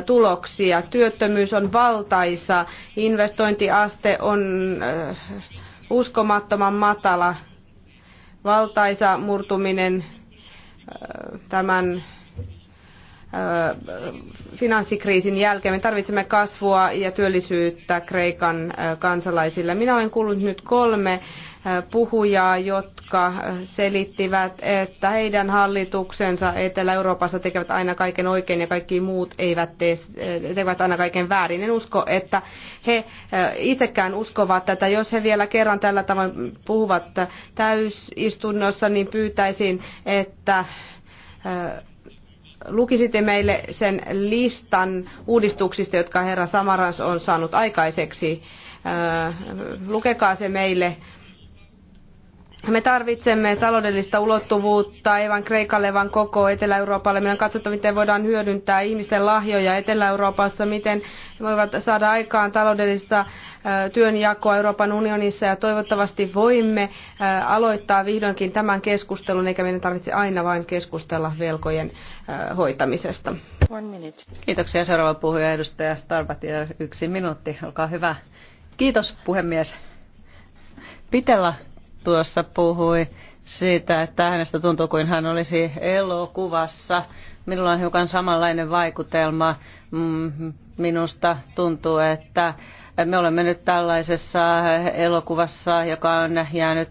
tuloksia. Työttömyys on valtaisa, investointiaste on uskomattoman matala, valtaisa murtuminen tämän finanssikriisin jälkeen. Me tarvitsemme kasvua ja työllisyyttä Kreikan kansalaisille. Minä olen kuullut nyt kolme puhujaa, jotka selittivät, että heidän hallituksensa Etelä-Euroopassa tekevät aina kaiken oikein ja kaikki muut eivät tee, tekevät aina kaiken väärin. En usko, että he itsekään uskovat tätä. Jos he vielä kerran tällä tavoin puhuvat täysistunnossa, niin pyytäisin, että lukisitte meille sen listan uudistuksista, jotka herra Samaras on saanut aikaiseksi. Äh, lukekaa se meille me tarvitsemme taloudellista ulottuvuutta, ei vain Kreikalle, vaan koko Etelä-Euroopalle. Meidän on katsottava, miten voidaan hyödyntää ihmisten lahjoja Etelä-Euroopassa, miten he voivat saada aikaan taloudellista työnjakoa Euroopan unionissa ja toivottavasti voimme aloittaa vihdoinkin tämän keskustelun, eikä meidän tarvitse aina vain keskustella velkojen hoitamisesta. Kiitoksia. Seuraava puhuja edustaja Starbatia. Yksi minuutti. Olkaa hyvä. Kiitos puhemies. Pitellä tuossa puhui siitä, että hänestä tuntuu kuin hän olisi elokuvassa. Minulla on hiukan samanlainen vaikutelma. Mm, minusta tuntuu, että me olemme nyt tällaisessa elokuvassa, joka on jäänyt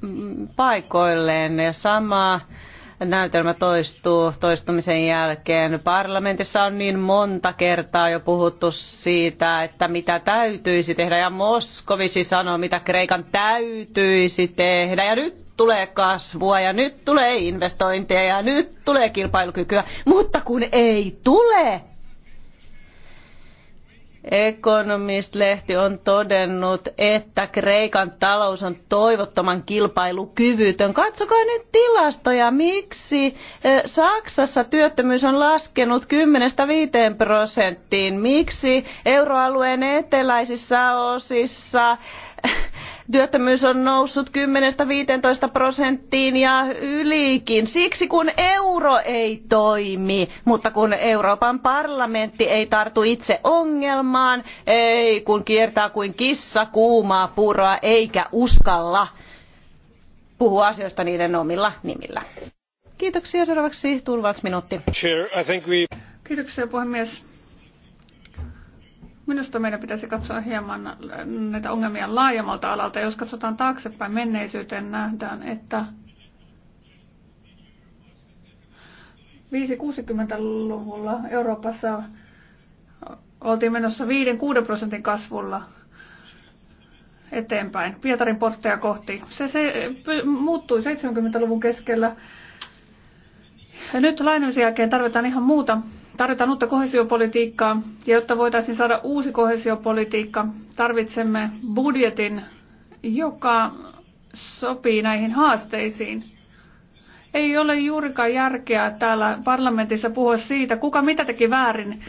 mm, paikoilleen ja samaa näytelmä toistuu toistumisen jälkeen. Parlamentissa on niin monta kertaa jo puhuttu siitä, että mitä täytyisi tehdä ja Moskovisi sanoo, mitä Kreikan täytyisi tehdä ja nyt tulee kasvua ja nyt tulee investointeja ja nyt tulee kilpailukykyä, mutta kun ei tule, Economist-lehti on todennut, että Kreikan talous on toivottoman kilpailukyvytön. Katsokaa nyt tilastoja, miksi eh, Saksassa työttömyys on laskenut 10-5 prosenttiin, miksi euroalueen eteläisissä osissa työttömyys on noussut 10-15 prosenttiin ja ylikin. Siksi kun euro ei toimi, mutta kun Euroopan parlamentti ei tartu itse ongelmaan, ei kun kiertää kuin kissa kuumaa puuroa eikä uskalla puhua asioista niiden omilla nimillä. Kiitoksia. Seuraavaksi Turvals minuutti. Kiitoksia puhemies Minusta meidän pitäisi katsoa hieman näitä ongelmia laajemmalta alalta. Jos katsotaan taaksepäin menneisyyteen, nähdään, että 5-60-luvulla Euroopassa oltiin menossa 5-6 prosentin kasvulla eteenpäin, Pietarin portteja kohti. Se, se muuttui 70-luvun keskellä. Ja nyt lainamisen jälkeen tarvitaan ihan muuta Tarvitaan uutta kohesiopolitiikkaa ja jotta voitaisiin saada uusi kohesiopolitiikka, tarvitsemme budjetin, joka sopii näihin haasteisiin. Ei ole juurikaan järkeä täällä parlamentissa puhua siitä, kuka mitä teki väärin,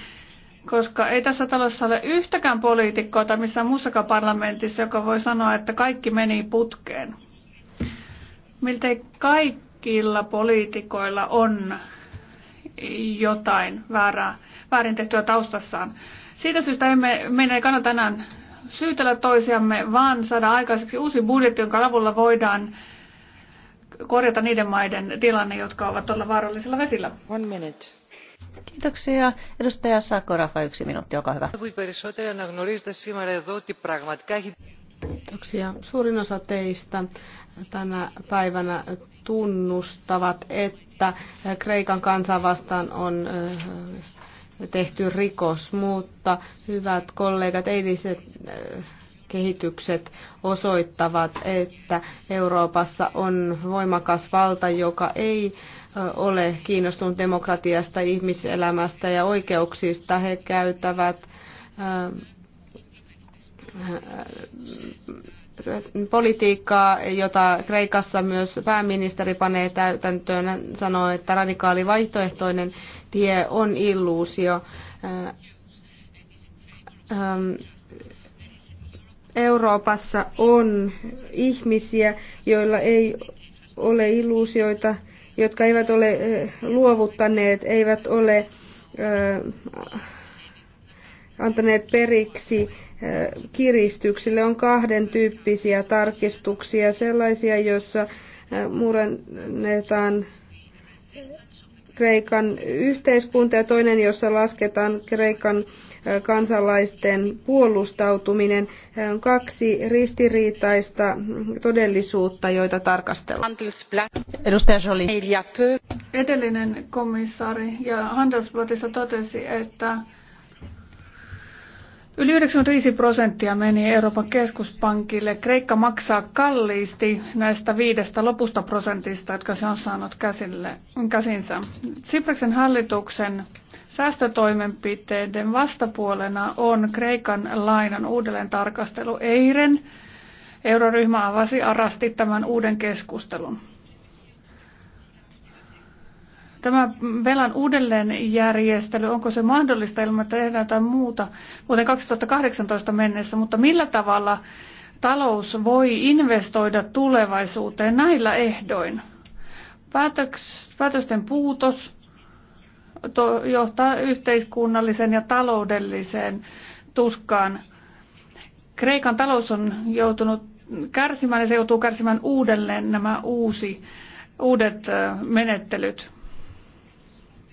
koska ei tässä talossa ole yhtäkään poliitikkoa tai missään muussakaan parlamentissa, joka voi sanoa, että kaikki meni putkeen. Miltei kaikilla poliitikoilla on jotain väärää, väärin tehtyä taustassaan. Siitä syystä emme, meidän ei kannata tänään syytellä toisiamme, vaan saada aikaiseksi uusi budjetti, jonka avulla voidaan korjata niiden maiden tilanne, jotka ovat olla vaarallisilla vesillä. One minute. Kiitoksia. Edustaja Sakorafa, yksi minuutti, olkaa hyvä. Kiitoksia. Suurin osa teistä tänä päivänä tunnustavat, että Kreikan kansaa vastaan on tehty rikos, mutta hyvät kollegat, eiliset kehitykset osoittavat, että Euroopassa on voimakas valta, joka ei ole kiinnostunut demokratiasta, ihmiselämästä ja oikeuksista. He käytävät politiikkaa, jota Kreikassa myös pääministeri panee täytäntöön. Hän sanoo, että radikaali vaihtoehtoinen tie on illuusio. Ähm, Euroopassa on ihmisiä, joilla ei ole illuusioita, jotka eivät ole äh, luovuttaneet, eivät ole äh, antaneet periksi kiristyksille on kahden tyyppisiä tarkistuksia, sellaisia, joissa murennetaan Kreikan yhteiskunta ja toinen, jossa lasketaan Kreikan kansalaisten puolustautuminen. On kaksi ristiriitaista todellisuutta, joita tarkastellaan. Edustaja Jolie. Edellinen komissaari ja Handelsblattissa totesi, että Yli 95 prosenttia meni Euroopan keskuspankille. Kreikka maksaa kalliisti näistä viidestä lopusta prosentista, jotka se on saanut käsille, käsinsä. Tsipraksen hallituksen säästötoimenpiteiden vastapuolena on Kreikan lainan uudelleen tarkastelu. Eiren euroryhmä avasi arasti tämän uuden keskustelun. Tämä velan uudelleenjärjestely, onko se mahdollista ilman, että tehdään jotain muuta vuoteen 2018 mennessä, mutta millä tavalla talous voi investoida tulevaisuuteen näillä ehdoin? Päätöks, päätösten puutos to, johtaa yhteiskunnalliseen ja taloudelliseen tuskaan. Kreikan talous on joutunut kärsimään ja se joutuu kärsimään uudelleen nämä uusi, uudet menettelyt.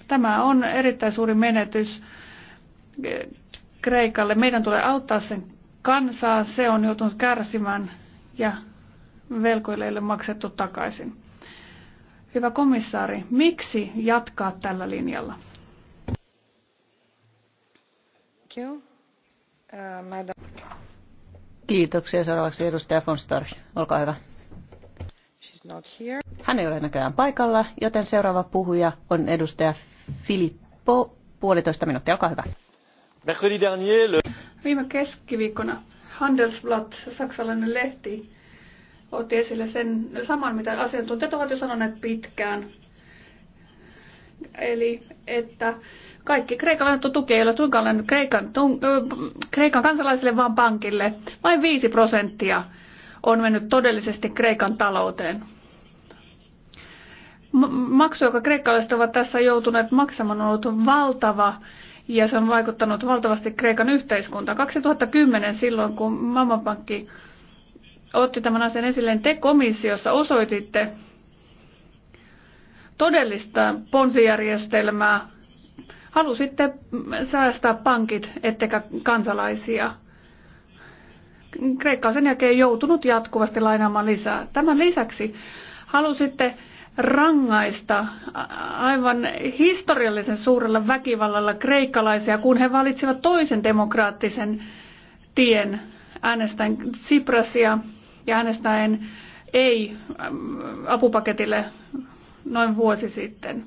Tämä on erittäin suuri menetys Kreikalle. Meidän tulee auttaa sen kansaa. Se on joutunut kärsimään ja velkoille maksettu takaisin. Hyvä komissaari, miksi jatkaa tällä linjalla? Uh, Kiitoksia. Seuraavaksi edustaja von Storch. Olkaa hyvä. Hän ei ole näköjään paikalla, joten seuraava puhuja on edustaja Filippo, puolitoista minuuttia, olkaa hyvä. Viime keskiviikkona Handelsblatt, saksalainen lehti, otti esille sen saman, mitä asiantuntijat ovat jo sanoneet pitkään. Eli että kaikki Kreikalle annettu tuki ei ole tuinkaan Kreikan, tun, Kreikan kansalaisille, vaan pankille. Vain 5 prosenttia on mennyt todellisesti Kreikan talouteen maksu, joka kreikkalaiset ovat tässä joutuneet maksamaan, on ollut valtava ja se on vaikuttanut valtavasti Kreikan yhteiskuntaan. 2010 silloin, kun Maailmanpankki otti tämän asian esille, niin te komissiossa osoititte todellista ponsijärjestelmää. Halusitte säästää pankit, ettekä kansalaisia. Kreikka on sen jälkeen joutunut jatkuvasti lainaamaan lisää. Tämän lisäksi halusitte rangaista aivan historiallisen suurella väkivallalla kreikkalaisia, kun he valitsivat toisen demokraattisen tien äänestäen Tsiprasia ja äänestäen ei apupaketille noin vuosi sitten.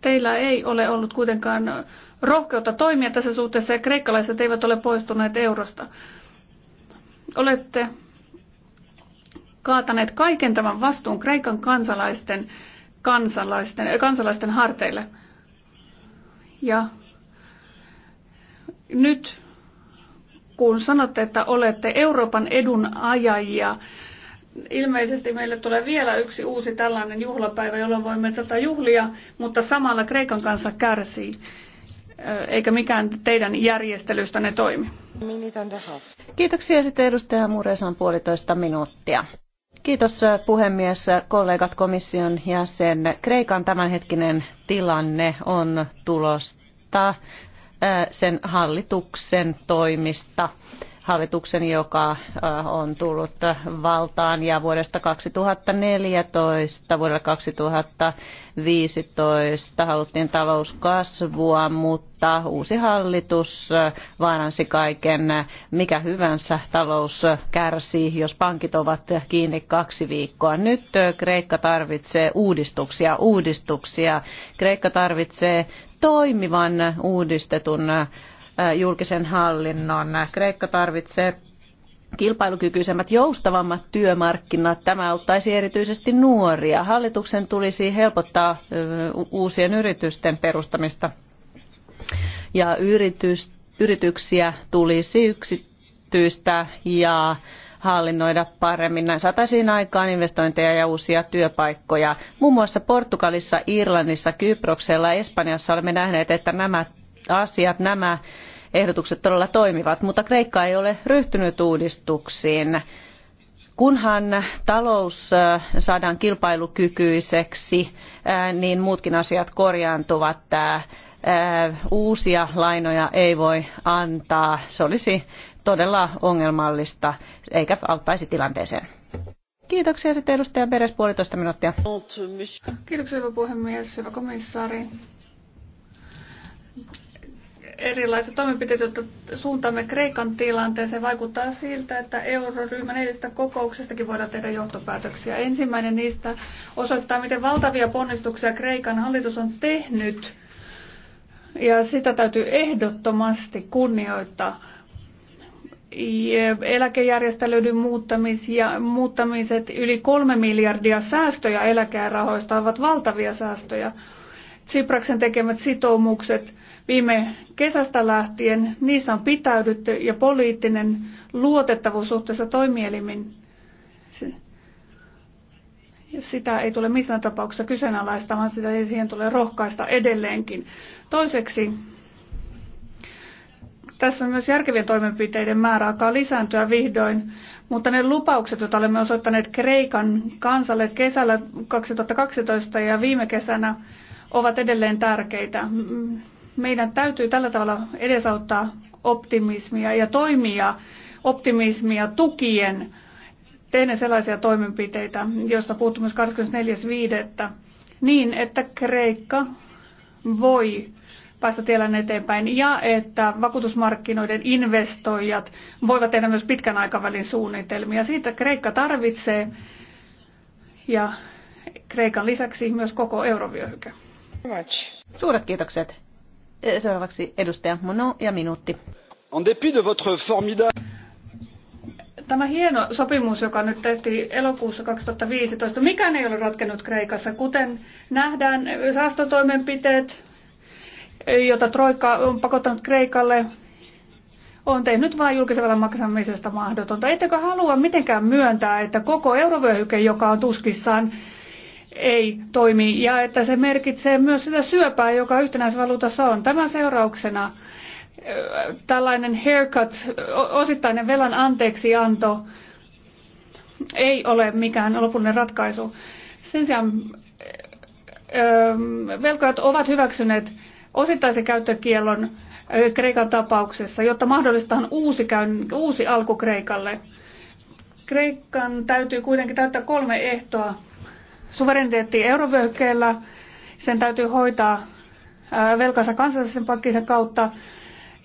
Teillä ei ole ollut kuitenkaan rohkeutta toimia tässä suhteessa ja kreikkalaiset eivät ole poistuneet eurosta. Olette kaataneet kaiken tämän vastuun Kreikan kansalaisten, kansalaisten, äh, kansalaisten harteille. Ja nyt kun sanotte, että olette Euroopan edun ajajia, ilmeisesti meille tulee vielä yksi uusi tällainen juhlapäivä, jolloin voimme tätä juhlia, mutta samalla Kreikan kanssa kärsii, äh, eikä mikään teidän ne toimi. Kiitoksia sitten edustaja Muresan puolitoista minuuttia. Kiitos äh, puhemies, äh, kollegat komission jäsen. Kreikan tämänhetkinen tilanne on tulosta äh, sen hallituksen toimista hallituksen, joka on tullut valtaan ja vuodesta 2014 vuodelle 2015 haluttiin talouskasvua, mutta uusi hallitus vaaransi kaiken, mikä hyvänsä talous kärsii, jos pankit ovat kiinni kaksi viikkoa. Nyt Kreikka tarvitsee uudistuksia, uudistuksia. Kreikka tarvitsee toimivan uudistetun julkisen hallinnon. Kreikka tarvitsee kilpailukykyisemmät, joustavammat työmarkkinat. Tämä auttaisi erityisesti nuoria. Hallituksen tulisi helpottaa uusien yritysten perustamista ja yritys, yrityksiä tulisi yksityistä ja hallinnoida paremmin. Näin saataisiin aikaan investointeja ja uusia työpaikkoja. Muun muassa Portugalissa, Irlannissa, Kyproksella ja Espanjassa olemme nähneet, että nämä asiat, nämä ehdotukset todella toimivat, mutta Kreikka ei ole ryhtynyt uudistuksiin. Kunhan talous äh, saadaan kilpailukykyiseksi, äh, niin muutkin asiat korjaantuvat. Äh, uusia lainoja ei voi antaa. Se olisi todella ongelmallista eikä auttaisi tilanteeseen. Kiitoksia sitten edustaja Beres puolitoista minuuttia. Kiitoksia hyvä puhemies, hyvä komissaari erilaiset toimenpiteet, joita suuntaamme Kreikan tilanteeseen, vaikuttaa siltä, että euroryhmän edestä kokouksestakin voidaan tehdä johtopäätöksiä. Ensimmäinen niistä osoittaa, miten valtavia ponnistuksia Kreikan hallitus on tehnyt, ja sitä täytyy ehdottomasti kunnioittaa. Eläkejärjestelyiden muuttamis ja muuttamiset, yli kolme miljardia säästöjä eläkerahoista ovat valtavia säästöjä. Tsipraksen tekemät sitoumukset viime kesästä lähtien. Niissä on pitäydytty ja poliittinen luotettavuus suhteessa toimielimin, sitä ei tule missään tapauksessa vaan sitä ei siihen tule rohkaista edelleenkin. Toiseksi tässä on myös järkevien toimenpiteiden määrä alkaa lisääntyä vihdoin, mutta ne lupaukset, joita olemme osoittaneet Kreikan kansalle kesällä 2012 ja viime kesänä, ovat edelleen tärkeitä. Mm, meidän täytyy tällä tavalla edesauttaa optimismia ja toimia optimismia tukien tehdä sellaisia toimenpiteitä, joista puhuttu myös 24.5. niin, että Kreikka voi päästä tiellään eteenpäin ja että vakuutusmarkkinoiden investoijat voivat tehdä myös pitkän aikavälin suunnitelmia. Siitä Kreikka tarvitsee ja Kreikan lisäksi myös koko eurovyöhyke. Suuret kiitokset. Seuraavaksi edustaja Mono ja minuutti. En dépit de votre formidable... Tämä hieno sopimus, joka nyt tehtiin elokuussa 2015, mikään ei ole ratkennut Kreikassa. Kuten nähdään, säästötoimenpiteet, joita Troika on pakottanut Kreikalle, on tehnyt vain julkisella maksamisesta mahdotonta. Ettekö halua mitenkään myöntää, että koko eurovyöhyke, joka on tuskissaan, ei toimi ja että se merkitsee myös sitä syöpää, joka yhtenäisvaluutassa on. Tämän seurauksena äh, tällainen haircut, osittainen velan anteeksianto, ei ole mikään lopullinen ratkaisu. Sen sijaan äh, äh, velkojat ovat hyväksyneet osittaisen käyttökiellon Kreikan tapauksessa, jotta mahdollistetaan uusi, uusi alku Kreikalle. Kreikan täytyy kuitenkin täyttää kolme ehtoa suvereniteetti eurovyöhykkeellä. Sen täytyy hoitaa velkansa kansallisen pankkinsa kautta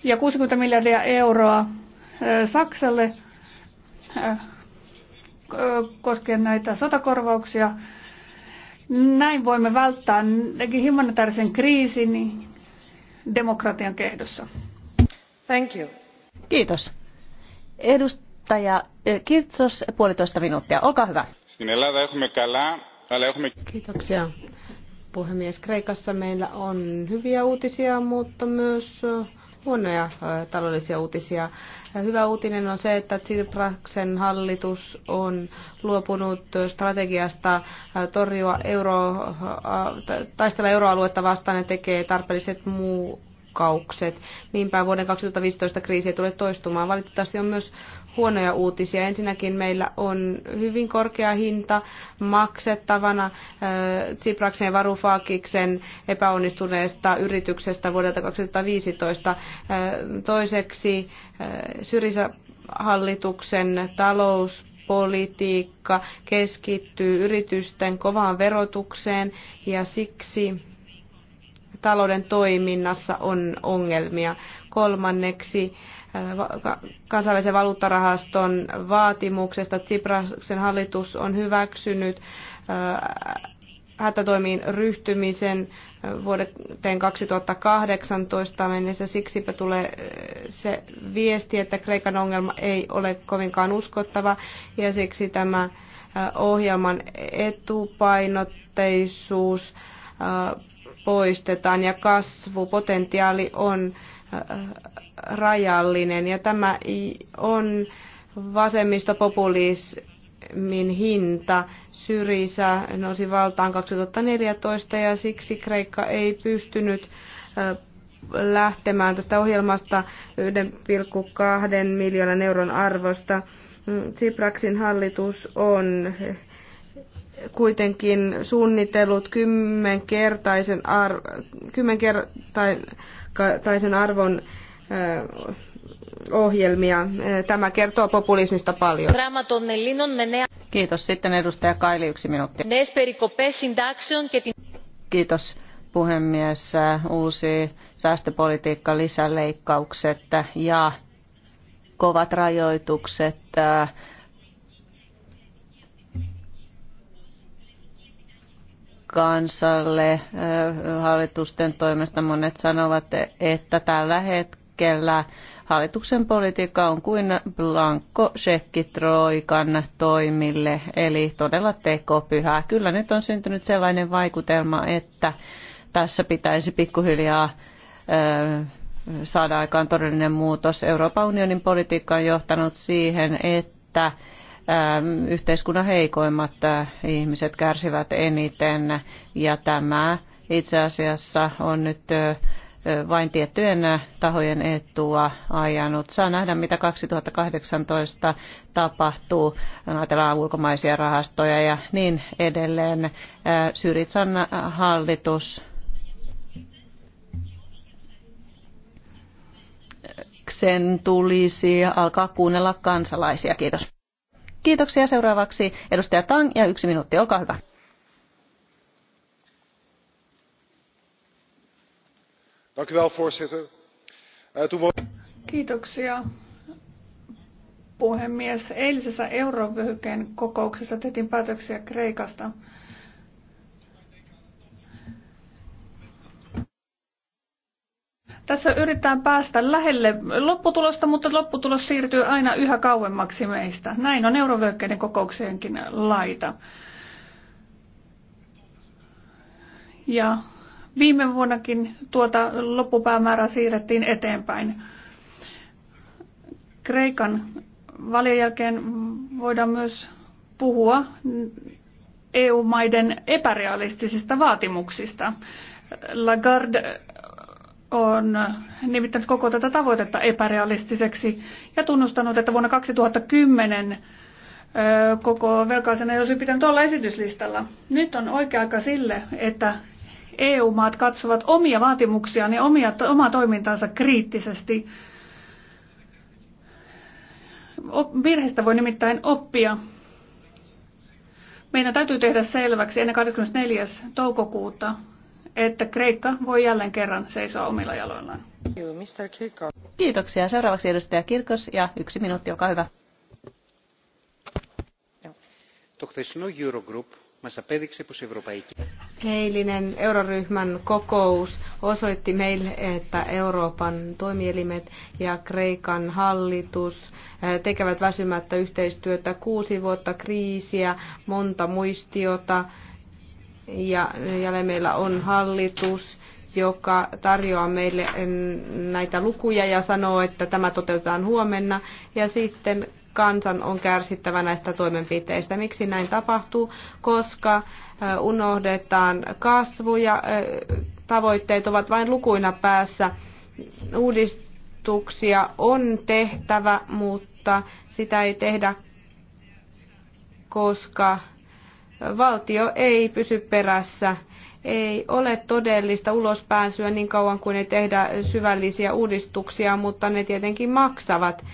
ja 60 miljardia euroa Saksalle koskien näitä sotakorvauksia. Näin voimme välttää humanitaarisen kriisin demokratian kehdossa. Thank you. Kiitos. Edustaja Kirtsos, puolitoista minuuttia. Olkaa hyvä. Στην Ελλάδα έχουμε Kiitoksia puhemies. Kreikassa meillä on hyviä uutisia, mutta myös huonoja taloudellisia uutisia. Hyvä uutinen on se, että Tsipraksen hallitus on luopunut strategiasta torjua euro, taistella euroaluetta vastaan ja tekee tarpeelliset muukaukset. Niinpä vuoden 2015 kriisi ei tule toistumaan. Valitettavasti on myös huonoja uutisia. Ensinnäkin meillä on hyvin korkea hinta maksettavana Tsipraksen ja epäonnistuneesta yrityksestä vuodelta 2015. Toiseksi Syriza hallituksen talouspolitiikka keskittyy yritysten kovaan verotukseen ja siksi talouden toiminnassa on ongelmia. Kolmanneksi Äh, kansainvälisen valuuttarahaston vaatimuksesta. Tsiprasen hallitus on hyväksynyt äh, hätätoimiin ryhtymisen äh, vuoteen 2018 mennessä. Siksipä tulee se viesti, että Kreikan ongelma ei ole kovinkaan uskottava ja siksi tämä ohjelman etupainotteisuus poistetaan ja kasvupotentiaali on rajallinen ja tämä on vasemmistopopulismin hinta. Syriza nousi valtaan 2014 ja siksi Kreikka ei pystynyt lähtemään tästä ohjelmasta 1,2 miljoonan euron arvosta. Mm, Tsipraksin hallitus on kuitenkin suunnitellut kymmenkertaisen, ar- kymmenkertaisen arvon ohjelmia. Tämä kertoo populismista paljon. Kiitos. Sitten edustaja Kaili, yksi minuutti. Kiitos puhemies. Uusi säästöpolitiikka, lisäleikkaukset ja kovat rajoitukset kansalle hallitusten toimesta. Monet sanovat, että tällä hetkellä hallituksen politiikka on kuin blanko shekki troikan toimille, eli todella tekopyhää. Kyllä nyt on syntynyt sellainen vaikutelma, että tässä pitäisi pikkuhiljaa saada aikaan todellinen muutos. Euroopan unionin politiikka on johtanut siihen, että Ähm, yhteiskunnan heikoimmat äh, ihmiset kärsivät eniten ja tämä itse asiassa on nyt vain tiettyjen tahojen etua ajanut. Saa nähdä, mitä 2018 tapahtuu. No, ajatellaan ulkomaisia rahastoja ja niin edelleen. Syritsan hallitus sen tulisi alkaa kuunnella kansalaisia. Kiitos. Kiitoksia seuraavaksi edustaja Tang ja yksi minuutti, olkaa hyvä. Eh, Kiitoksia puhemies. Eilisessä eurovyöhykkeen kokouksessa tehtiin päätöksiä Kreikasta. Tässä yritetään päästä lähelle lopputulosta, mutta lopputulos siirtyy aina yhä kauemmaksi meistä. Näin on eurovyökkäiden kokouksienkin laita. Ja viime vuonnakin tuota loppupäämäärää siirrettiin eteenpäin. Kreikan valien jälkeen voidaan myös puhua EU-maiden epärealistisista vaatimuksista. Lagarde on nimittänyt koko tätä tavoitetta epärealistiseksi ja tunnustanut, että vuonna 2010 koko velkaisena ei olisi pitänyt olla esityslistalla. Nyt on oikea aika sille, että EU-maat katsovat omia vaatimuksiaan ja omia, omaa toimintaansa kriittisesti. Virheistä voi nimittäin oppia. Meidän täytyy tehdä selväksi ennen 24. toukokuuta että Kreikka voi jälleen kerran seisoa omilla jaloillaan. Kiitoksia. Seuraavaksi edustaja Kirkos ja yksi minuutti, olkaa hyvä. Eilinen euroryhmän kokous osoitti meille, että Euroopan toimielimet ja Kreikan hallitus eh, tekevät väsymättä yhteistyötä kuusi vuotta kriisiä, monta muistiota ja jälleen meillä on hallitus, joka tarjoaa meille näitä lukuja ja sanoo, että tämä toteutetaan huomenna. Ja sitten kansan on kärsittävä näistä toimenpiteistä. Miksi näin tapahtuu? Koska unohdetaan kasvu ja tavoitteet ovat vain lukuina päässä. Uudistuksia on tehtävä, mutta sitä ei tehdä, koska valtio ei pysy perässä. Ei ole todellista ulospääsyä niin kauan kuin ei tehdä syvällisiä uudistuksia, mutta ne tietenkin maksavat.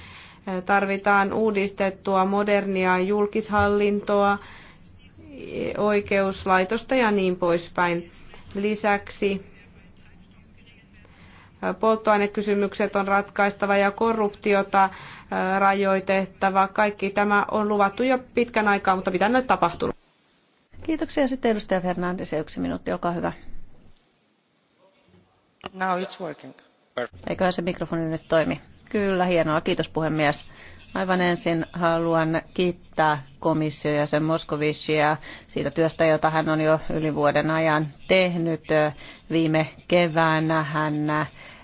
Tarvitaan uudistettua modernia julkishallintoa, oikeuslaitosta ja niin poispäin. Lisäksi polttoainekysymykset on ratkaistava ja korruptiota rajoitettava. Kaikki tämä on luvattu jo pitkän aikaa, mutta mitä nyt tapahtunut? Kiitoksia. Sitten edustaja Fernandes ja yksi minuutti, olkaa hyvä. Now it's working. Eiköhän se mikrofoni nyt toimi. Kyllä, hienoa. Kiitos puhemies. Aivan ensin haluan kiittää komissio ja sen Moskovicia siitä työstä, jota hän on jo yli vuoden ajan tehnyt. Viime keväänä hän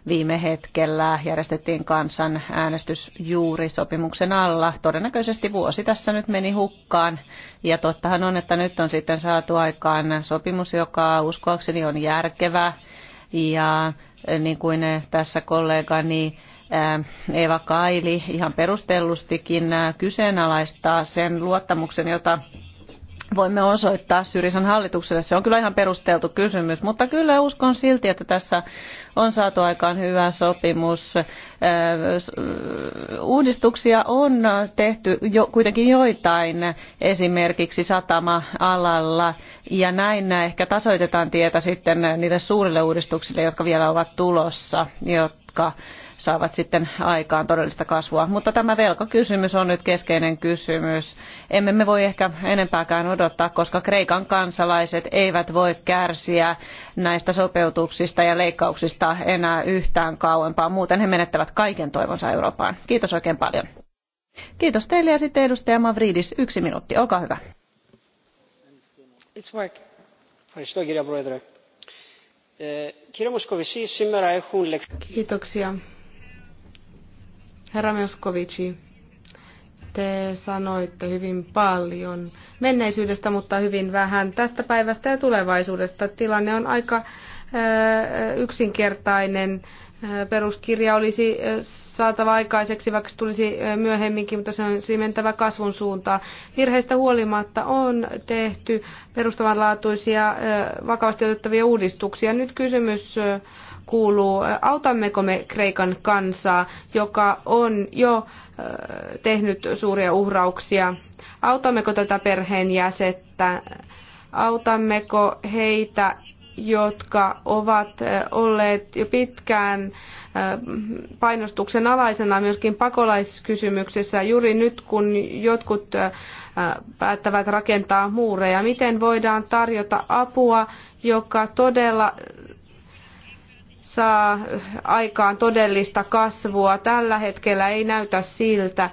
viime hetkellä järjestettiin kansan äänestys juuri sopimuksen alla. Todennäköisesti vuosi tässä nyt meni hukkaan ja tottahan on, että nyt on sitten saatu aikaan sopimus, joka uskoakseni on järkevä ja eh, niin kuin tässä kollegani eh, Eva Kaili ihan perustellustikin eh, kyseenalaistaa sen luottamuksen, jota voimme osoittaa Syyrian hallitukselle. Se on kyllä ihan perusteltu kysymys, mutta kyllä uskon silti, että tässä on saatu aikaan hyvä sopimus. Uudistuksia on tehty jo, kuitenkin joitain esimerkiksi satama-alalla ja näin ehkä tasoitetaan tietä sitten niille suurille uudistuksille, jotka vielä ovat tulossa, jotka saavat sitten aikaan todellista kasvua. Mutta tämä velkakysymys on nyt keskeinen kysymys. Emme me voi ehkä enempääkään odottaa, koska Kreikan kansalaiset eivät voi kärsiä näistä sopeutuksista ja leikkauksista enää yhtään kauempaa. Muuten he menettävät kaiken toivonsa Eurooppaan. Kiitos oikein paljon. Kiitos teille ja sitten edustaja Mavridis. Yksi minuutti, olkaa hyvä. It's work. Kiitoksia Herra Moskovici, te sanoitte hyvin paljon menneisyydestä, mutta hyvin vähän tästä päivästä ja tulevaisuudesta. Tilanne on aika äh, yksinkertainen. Äh, peruskirja olisi äh, saatava aikaiseksi, vaikka se tulisi myöhemminkin, mutta se on simentävä siis kasvun suuntaa. Virheistä huolimatta on tehty perustavanlaatuisia vakavasti otettavia uudistuksia. Nyt kysymys kuuluu, autammeko me Kreikan kansaa, joka on jo tehnyt suuria uhrauksia, autammeko tätä perheenjäsettä, autammeko heitä, jotka ovat olleet jo pitkään painostuksen alaisena myöskin pakolaiskysymyksessä juuri nyt, kun jotkut päättävät rakentaa muureja. Miten voidaan tarjota apua, joka todella saa aikaan todellista kasvua. Tällä hetkellä ei näytä siltä.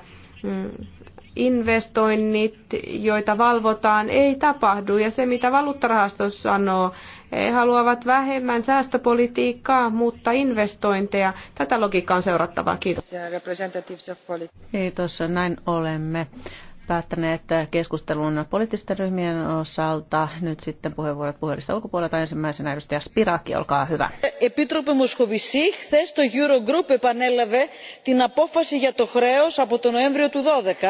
Investoinnit, joita valvotaan, ei tapahdu. Ja se, mitä valuuttarahasto sanoo, he haluavat vähemmän säästöpolitiikkaa, mutta investointeja. Tätä logiikkaa on seurattava Kiitos. Kiitos. Näin olemme päättäneet keskustelun poliittisten ryhmien osalta. Nyt sitten puheenvuorot puhelista ulkopuolelta. Ensimmäisenä edustaja Spiraki, olkaa hyvä. Επίτροπε Μοσκοβισή, χθε το Eurogroup επανέλαβε την απόφαση για το χρέος από τον Νοέμβριο του 2012,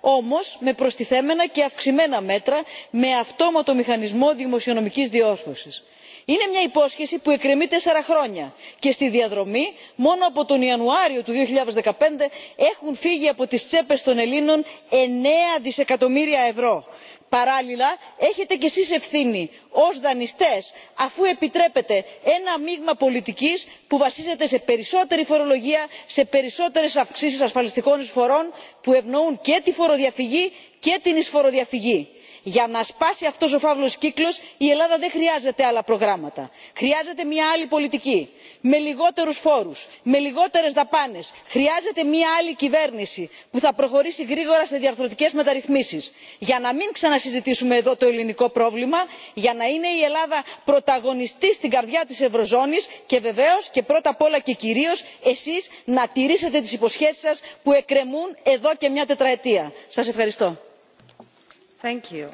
όμως με προστιθέμενα και αυξημένα μέτρα με αυτόματο μηχανισμό δημοσιονομικής διόρθωσης είναι μια υπόσχεση που εκκρεμεί τέσσερα χρόνια και στη διαδρομή μόνο από τον ιανουάριο του δύο χιλιάδες δεκαπέντε έχουν φύγει από τις τσέπες των ελλήνων εννέα δισεκατομμύρια ευρώ. παράλληλα έχετε κι εσείς ευθύνη ως δανειστές αφού επιτρέπετε ένα μείγμα πολιτικής που βασίζεται σε περισσότερη φορολογία σε περισσότερες αυξήσεις ασφαλιστικών εισφορών που ευνοούν και τη φοροδιαφυγή και την εισφοροδιαφυγή για να σπάσει αυτός ο φαύλος κύκλος η ελλάδα δεν χρειάζεται άλλα προγράμματα χρειάζεται μια άλλη πολιτική με λιγότερους φόρους με λιγότερες δαπάνες χρειάζεται μια άλλη κυβέρνηση που θα προχωρήσει γρήγορα σε διαρθρωτικές μεταρρυθμίσεις για να μην ξανασυζητήσουμε εδώ το ελληνικό πρόβλημα για να είναι η ελλάδα πρωταγωνιστής στην καρδιά της ευρωζώνης και βεβαίως και πρώτα απ' όλα και κυρίως εσείς να τηρήσετε τις υποσχέσεις σας που εκκρεμούν εδώ και μια τετραετία. σας ευχαριστώ. Je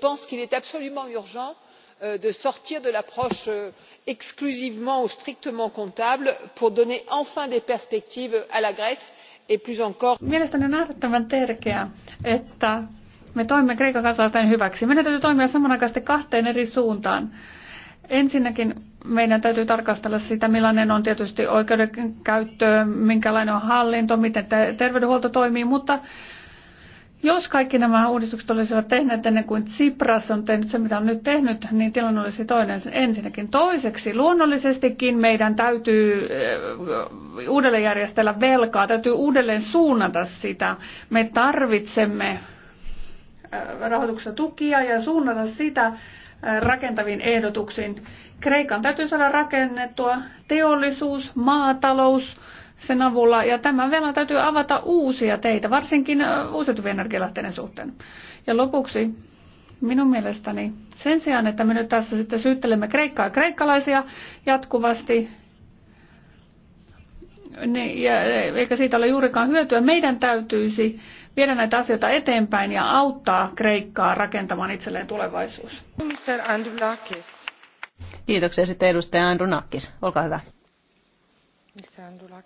pense qu'il est absolument urgent euh, de sortir de l'approche euh, exclusivement ou strictement comptable pour donner enfin des perspectives à la Grèce et plus encore. Mielestäni on äärettömän tärkeää, että me toimimme Kreikan kansalaisten hyväksi. Meidän täytyy toimia samanaikaisesti kahteen eri suuntaan. Ensinnäkin meidän täytyy tarkastella sitä, millainen on tietysti oikeudenkäyttö, minkälainen on hallinto, miten terveydenhuolto toimii, mutta jos kaikki nämä uudistukset olisivat tehneet ennen kuin Tsipras on tehnyt se, mitä on nyt tehnyt, niin tilanne olisi toinen ensinnäkin. Toiseksi, luonnollisestikin meidän täytyy eh, uudelleen järjestellä velkaa, täytyy uudelleen suunnata sitä. Me tarvitsemme eh, rahoituksessa tukia ja suunnata sitä eh, rakentaviin ehdotuksiin, Kreikan täytyy saada rakennettua teollisuus, maatalous sen avulla, ja tämän velan täytyy avata uusia teitä, varsinkin uusiutuvien energialähteiden suhteen. Ja lopuksi minun mielestäni sen sijaan, että me nyt tässä sitten syyttelemme kreikkaa ja kreikkalaisia jatkuvasti, niin, ja, eikä siitä ole juurikaan hyötyä, meidän täytyisi viedä näitä asioita eteenpäin ja auttaa Kreikkaa rakentamaan itselleen tulevaisuus. Mr. Andulakis. Kiitoksia sitten edustaja Andrew Nakkis. Olkaa hyvä. Mr. Andrew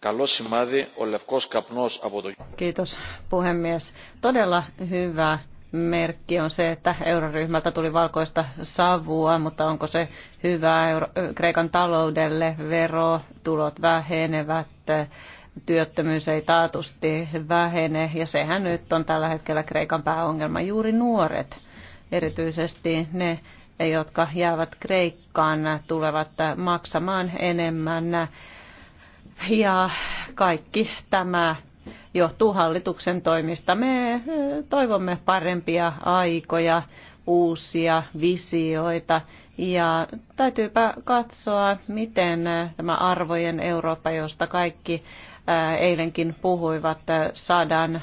Καλό σημάδι, ο λευκός καπνός από το... Kiitos puhemies. Todella hyvä merkki on se, että euroryhmältä tuli valkoista savua, mutta onko se hyvä Euro- Kreikan taloudelle? Verotulot vähenevät, työttömyys ei taatusti vähene ja sehän nyt on tällä hetkellä Kreikan pääongelma juuri nuoret erityisesti ne, jotka jäävät Kreikkaan, tulevat maksamaan enemmän. Ja kaikki tämä johtuu hallituksen toimista. Me eh, toivomme parempia aikoja, uusia visioita ja täytyypä katsoa, miten eh, tämä arvojen Eurooppa, josta kaikki eh, eilenkin puhuivat, saadaan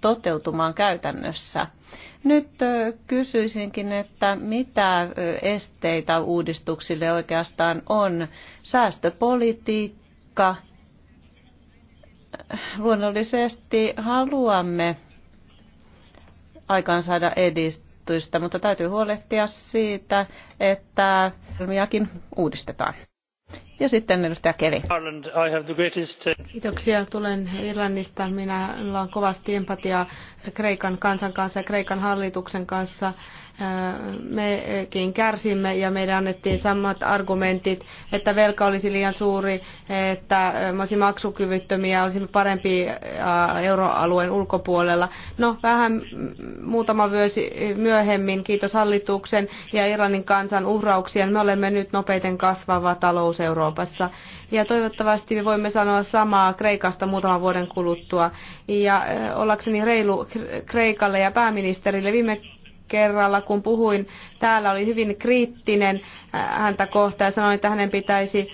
toteutumaan käytännössä. Nyt kysyisinkin, että mitä esteitä uudistuksille oikeastaan on? Säästöpolitiikka. Luonnollisesti haluamme aikaansaada edistystä, mutta täytyy huolehtia siitä, että miakin uudistetaan. Ja sitten edustaja Keli. Uh, Kiitoksia. Tulen Irlannista. Minulla on kovasti empatiaa Kreikan kansan kanssa ja Kreikan hallituksen kanssa mekin kärsimme ja meidän annettiin samat argumentit, että velka olisi liian suuri, että me olisimme maksukyvyttömiä, olisimme parempi euroalueen ulkopuolella. No vähän muutama vuosi myöhemmin, kiitos hallituksen ja Iranin kansan uhrauksien, me olemme nyt nopeiten kasvava talous Euroopassa. Ja toivottavasti me voimme sanoa samaa Kreikasta muutaman vuoden kuluttua. Ja ollakseni reilu Kreikalle ja pääministerille viime kerralla, kun puhuin, täällä oli hyvin kriittinen äh, häntä kohtaan ja sanoin, että hänen pitäisi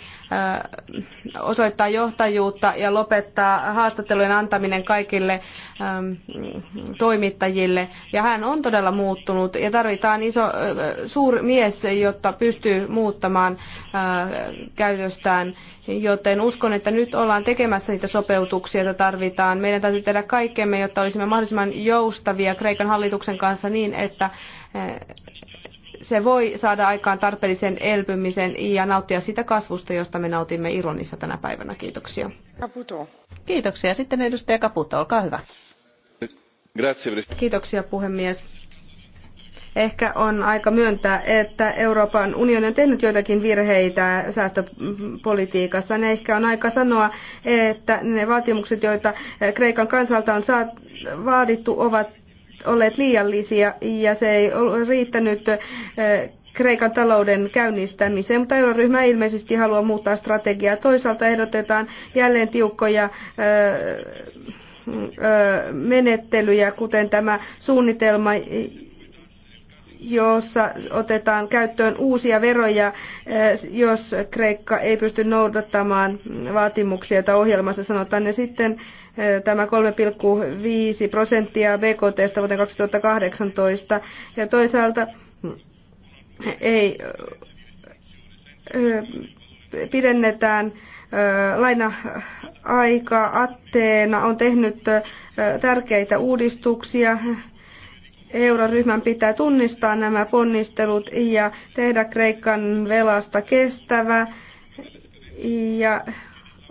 osoittaa johtajuutta ja lopettaa haastattelujen antaminen kaikille toimittajille. Ja hän on todella muuttunut ja tarvitaan iso, suuri mies, jotta pystyy muuttamaan käytöstään. Joten uskon, että nyt ollaan tekemässä niitä sopeutuksia, joita tarvitaan. Meidän täytyy tehdä kaikkemme, jotta olisimme mahdollisimman joustavia Kreikan hallituksen kanssa niin, että se voi saada aikaan tarpeellisen elpymisen ja nauttia sitä kasvusta, josta me nautimme Irlannissa tänä päivänä. Kiitoksia. Caputo. Kiitoksia. Sitten edustaja Caputo, olkaa hyvä. Kiitoksia puhemies. Ehkä on aika myöntää, että Euroopan unioni on tehnyt joitakin virheitä säästöpolitiikassa. Ne ehkä on aika sanoa, että ne vaatimukset, joita Kreikan kansalta on vaadittu, ovat olleet liiallisia ja se ei ollut riittänyt eh, Kreikan talouden käynnistämiseen, mutta euroryhmä ilmeisesti haluaa muuttaa strategiaa. Toisaalta ehdotetaan jälleen tiukkoja eh, eh, menettelyjä, kuten tämä suunnitelma, jossa otetaan käyttöön uusia veroja, jos Kreikka ei pysty noudattamaan vaatimuksia, joita ohjelmassa sanotaan. Ja sitten tämä 3,5 prosenttia BKTstä vuoteen 2018. Ja toisaalta ei pidennetään laina-aikaa. Atteena on tehnyt tärkeitä uudistuksia. Euroryhmän pitää tunnistaa nämä ponnistelut ja tehdä Kreikan velasta kestävä. Ja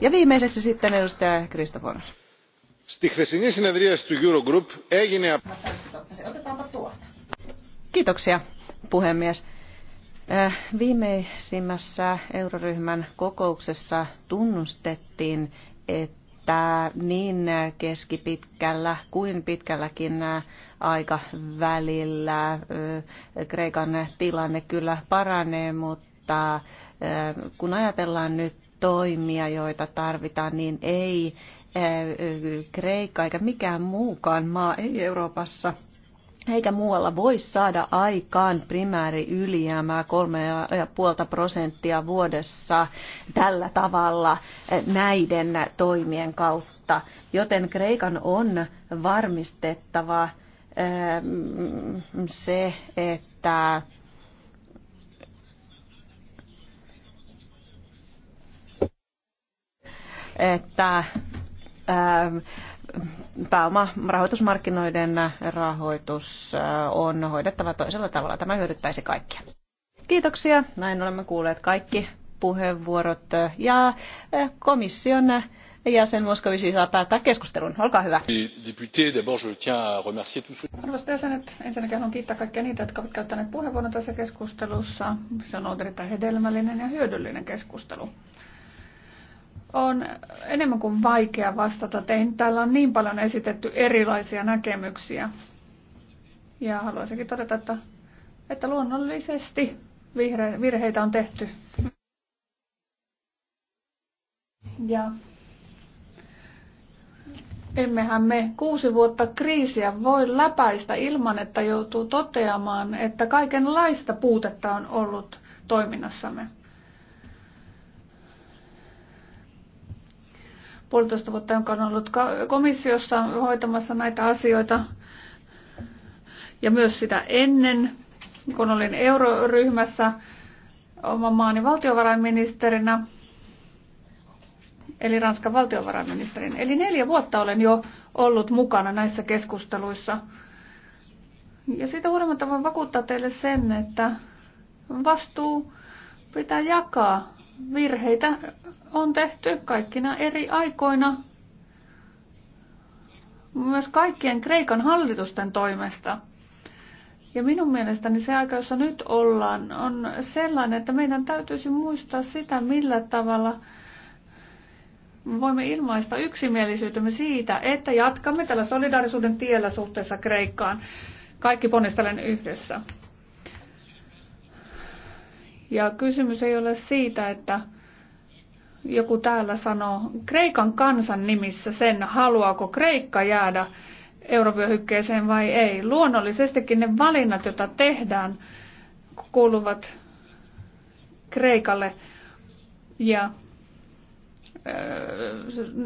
Ja viimeiseksi sitten edustaja Kristoforos. Στη χθεσινή συνεδρίαση του Eurogroup έγινε... Otetaanpa Kiitoksia, puhemies. Äh, viimeisimmässä euroryhmän kokouksessa tunnustettiin, että niin keskipitkällä kuin pitkälläkin aikavälillä äh, Kreikan tilanne kyllä paranee, mutta äh, kun ajatellaan nyt toimia, joita tarvitaan, niin ei Kreikka eikä mikään muukaan maa, ei Euroopassa eikä muualla voi saada aikaan primääri ylijäämää 3,5 prosenttia vuodessa tällä tavalla näiden toimien kautta. Joten Kreikan on varmistettava se, että että ähm, pääomarahoitusmarkkinoiden rahoitus äh, on hoidettava toisella tavalla. Tämä hyödyttäisi kaikkia. Kiitoksia. Näin olemme kuulleet kaikki puheenvuorot ja äh, komission jäsen Moskovisi saa päättää keskustelun. Olkaa hyvä. Arvoisat jäsenet, ensinnäkin haluan kiittää kaikkia niitä, jotka ovat käyttäneet puheenvuoron tässä keskustelussa. Se on ollut erittäin hedelmällinen ja hyödyllinen keskustelu on enemmän kuin vaikea vastata teihin. Täällä on niin paljon esitetty erilaisia näkemyksiä. Ja haluaisinkin todeta, että, että luonnollisesti vihre, virheitä on tehty. Ja emmehän me kuusi vuotta kriisiä voi läpäistä ilman, että joutuu toteamaan, että kaikenlaista puutetta on ollut toiminnassamme. puolitoista vuotta, jonka on ollut komissiossa hoitamassa näitä asioita. Ja myös sitä ennen, kun olin euroryhmässä oman maani valtiovarainministerinä, eli Ranskan valtiovarainministerin. Eli neljä vuotta olen jo ollut mukana näissä keskusteluissa. Ja siitä huolimatta voin vakuuttaa teille sen, että vastuu pitää jakaa virheitä on tehty kaikkina eri aikoina myös kaikkien Kreikan hallitusten toimesta. Ja minun mielestäni se aika, jossa nyt ollaan, on sellainen, että meidän täytyisi muistaa sitä, millä tavalla voimme ilmaista yksimielisyytemme siitä, että jatkamme tällä solidaarisuuden tiellä suhteessa Kreikkaan. Kaikki ponnistelen yhdessä. Ja kysymys ei ole siitä, että joku täällä sanoo Kreikan kansan nimissä sen, haluaako Kreikka jäädä eurovyöhykkeeseen vai ei. Luonnollisestikin ne valinnat, joita tehdään, kuuluvat Kreikalle. Ja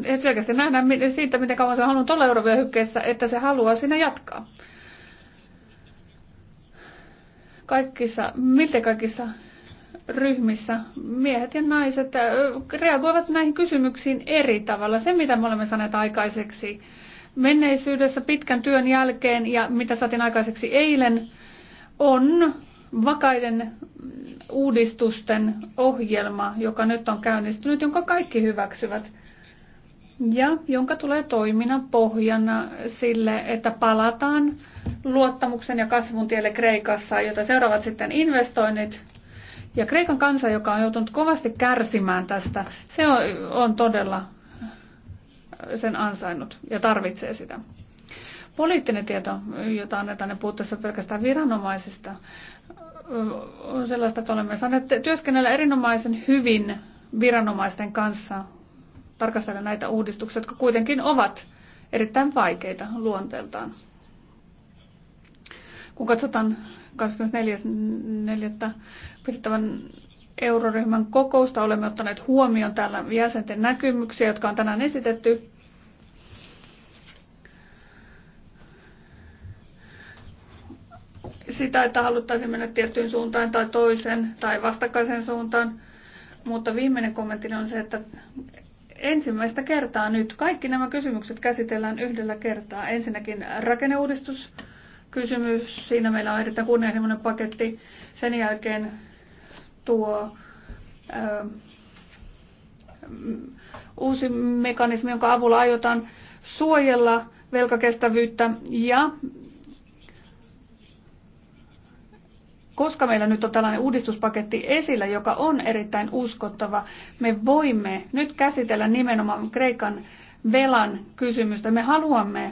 et selkeästi nähdään siitä, miten kauan se on halunnut olla eurovyöhykkeessä, että se haluaa siinä jatkaa. Kaikissa, miltei kaikissa ryhmissä miehet ja naiset äh, reagoivat näihin kysymyksiin eri tavalla. Se, mitä me olemme saaneet aikaiseksi menneisyydessä pitkän työn jälkeen ja mitä saatiin aikaiseksi eilen, on vakaiden uudistusten ohjelma, joka nyt on käynnistynyt, jonka kaikki hyväksyvät ja jonka tulee toiminnan pohjana sille, että palataan luottamuksen ja kasvun tielle Kreikassa, jota seuraavat sitten investoinnit, ja Kreikan kansa, joka on joutunut kovasti kärsimään tästä, se on, on todella sen ansainnut ja tarvitsee sitä. Poliittinen tieto, jota annetaan ne puutteessa pelkästään viranomaisista, on sellaista, että olemme saaneet työskennellä erinomaisen hyvin viranomaisten kanssa tarkastella näitä uudistuksia, jotka kuitenkin ovat erittäin vaikeita luonteeltaan. Kun katsotaan 24.4. pidettävän euroryhmän kokousta. Olemme ottaneet huomioon täällä jäsenten näkymyksiä, jotka on tänään esitetty. Sitä, että haluttaisiin mennä tiettyyn suuntaan tai toisen tai vastakkaiseen suuntaan. Mutta viimeinen kommentti on se, että ensimmäistä kertaa nyt kaikki nämä kysymykset käsitellään yhdellä kertaa. Ensinnäkin rakenneuudistus, kysymys. Siinä meillä on erittäin kunnianhimoinen paketti. Sen jälkeen tuo ö, ähm, uusi mekanismi, jonka avulla aiotaan suojella velkakestävyyttä ja koska meillä nyt on tällainen uudistuspaketti esillä, joka on erittäin uskottava, me voimme nyt käsitellä nimenomaan Kreikan velan kysymystä. Me haluamme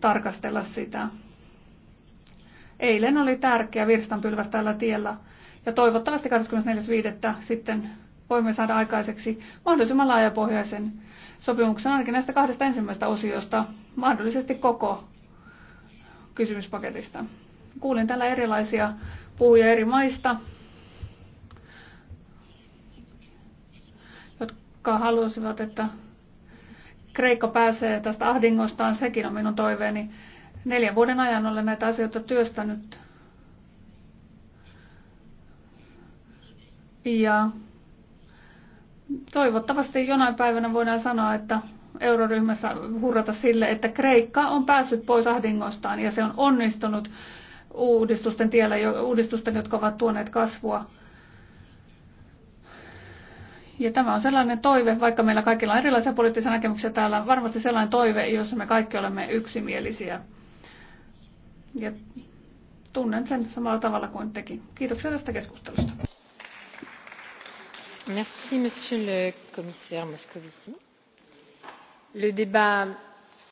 tarkastella sitä. Eilen oli tärkeä virstanpylväs tällä tiellä ja toivottavasti 24.5. sitten voimme saada aikaiseksi mahdollisimman laajapohjaisen sopimuksen ainakin näistä kahdesta ensimmäistä osiosta, mahdollisesti koko kysymyspaketista. Kuulin täällä erilaisia puhuja eri maista, jotka halusivat, että Kreikka pääsee tästä ahdingostaan, sekin on minun toiveeni. Neljän vuoden ajan olen näitä asioita työstänyt. Ja toivottavasti jonain päivänä voidaan sanoa, että euroryhmässä hurrata sille, että Kreikka on päässyt pois ahdingostaan ja se on onnistunut uudistusten tiellä, uudistusten, jotka ovat tuoneet kasvua. Ja tämä on sellainen toive, vaikka meillä kaikilla on erilaisia poliittisia näkemyksiä täällä, varmasti sellainen toive, jossa me kaikki olemme yksimielisiä ja tunnen sen samalla tavalla kuin tekin. Kiitoksia tästä keskustelusta. Merci, monsieur le commissaire Moscovici. Le débat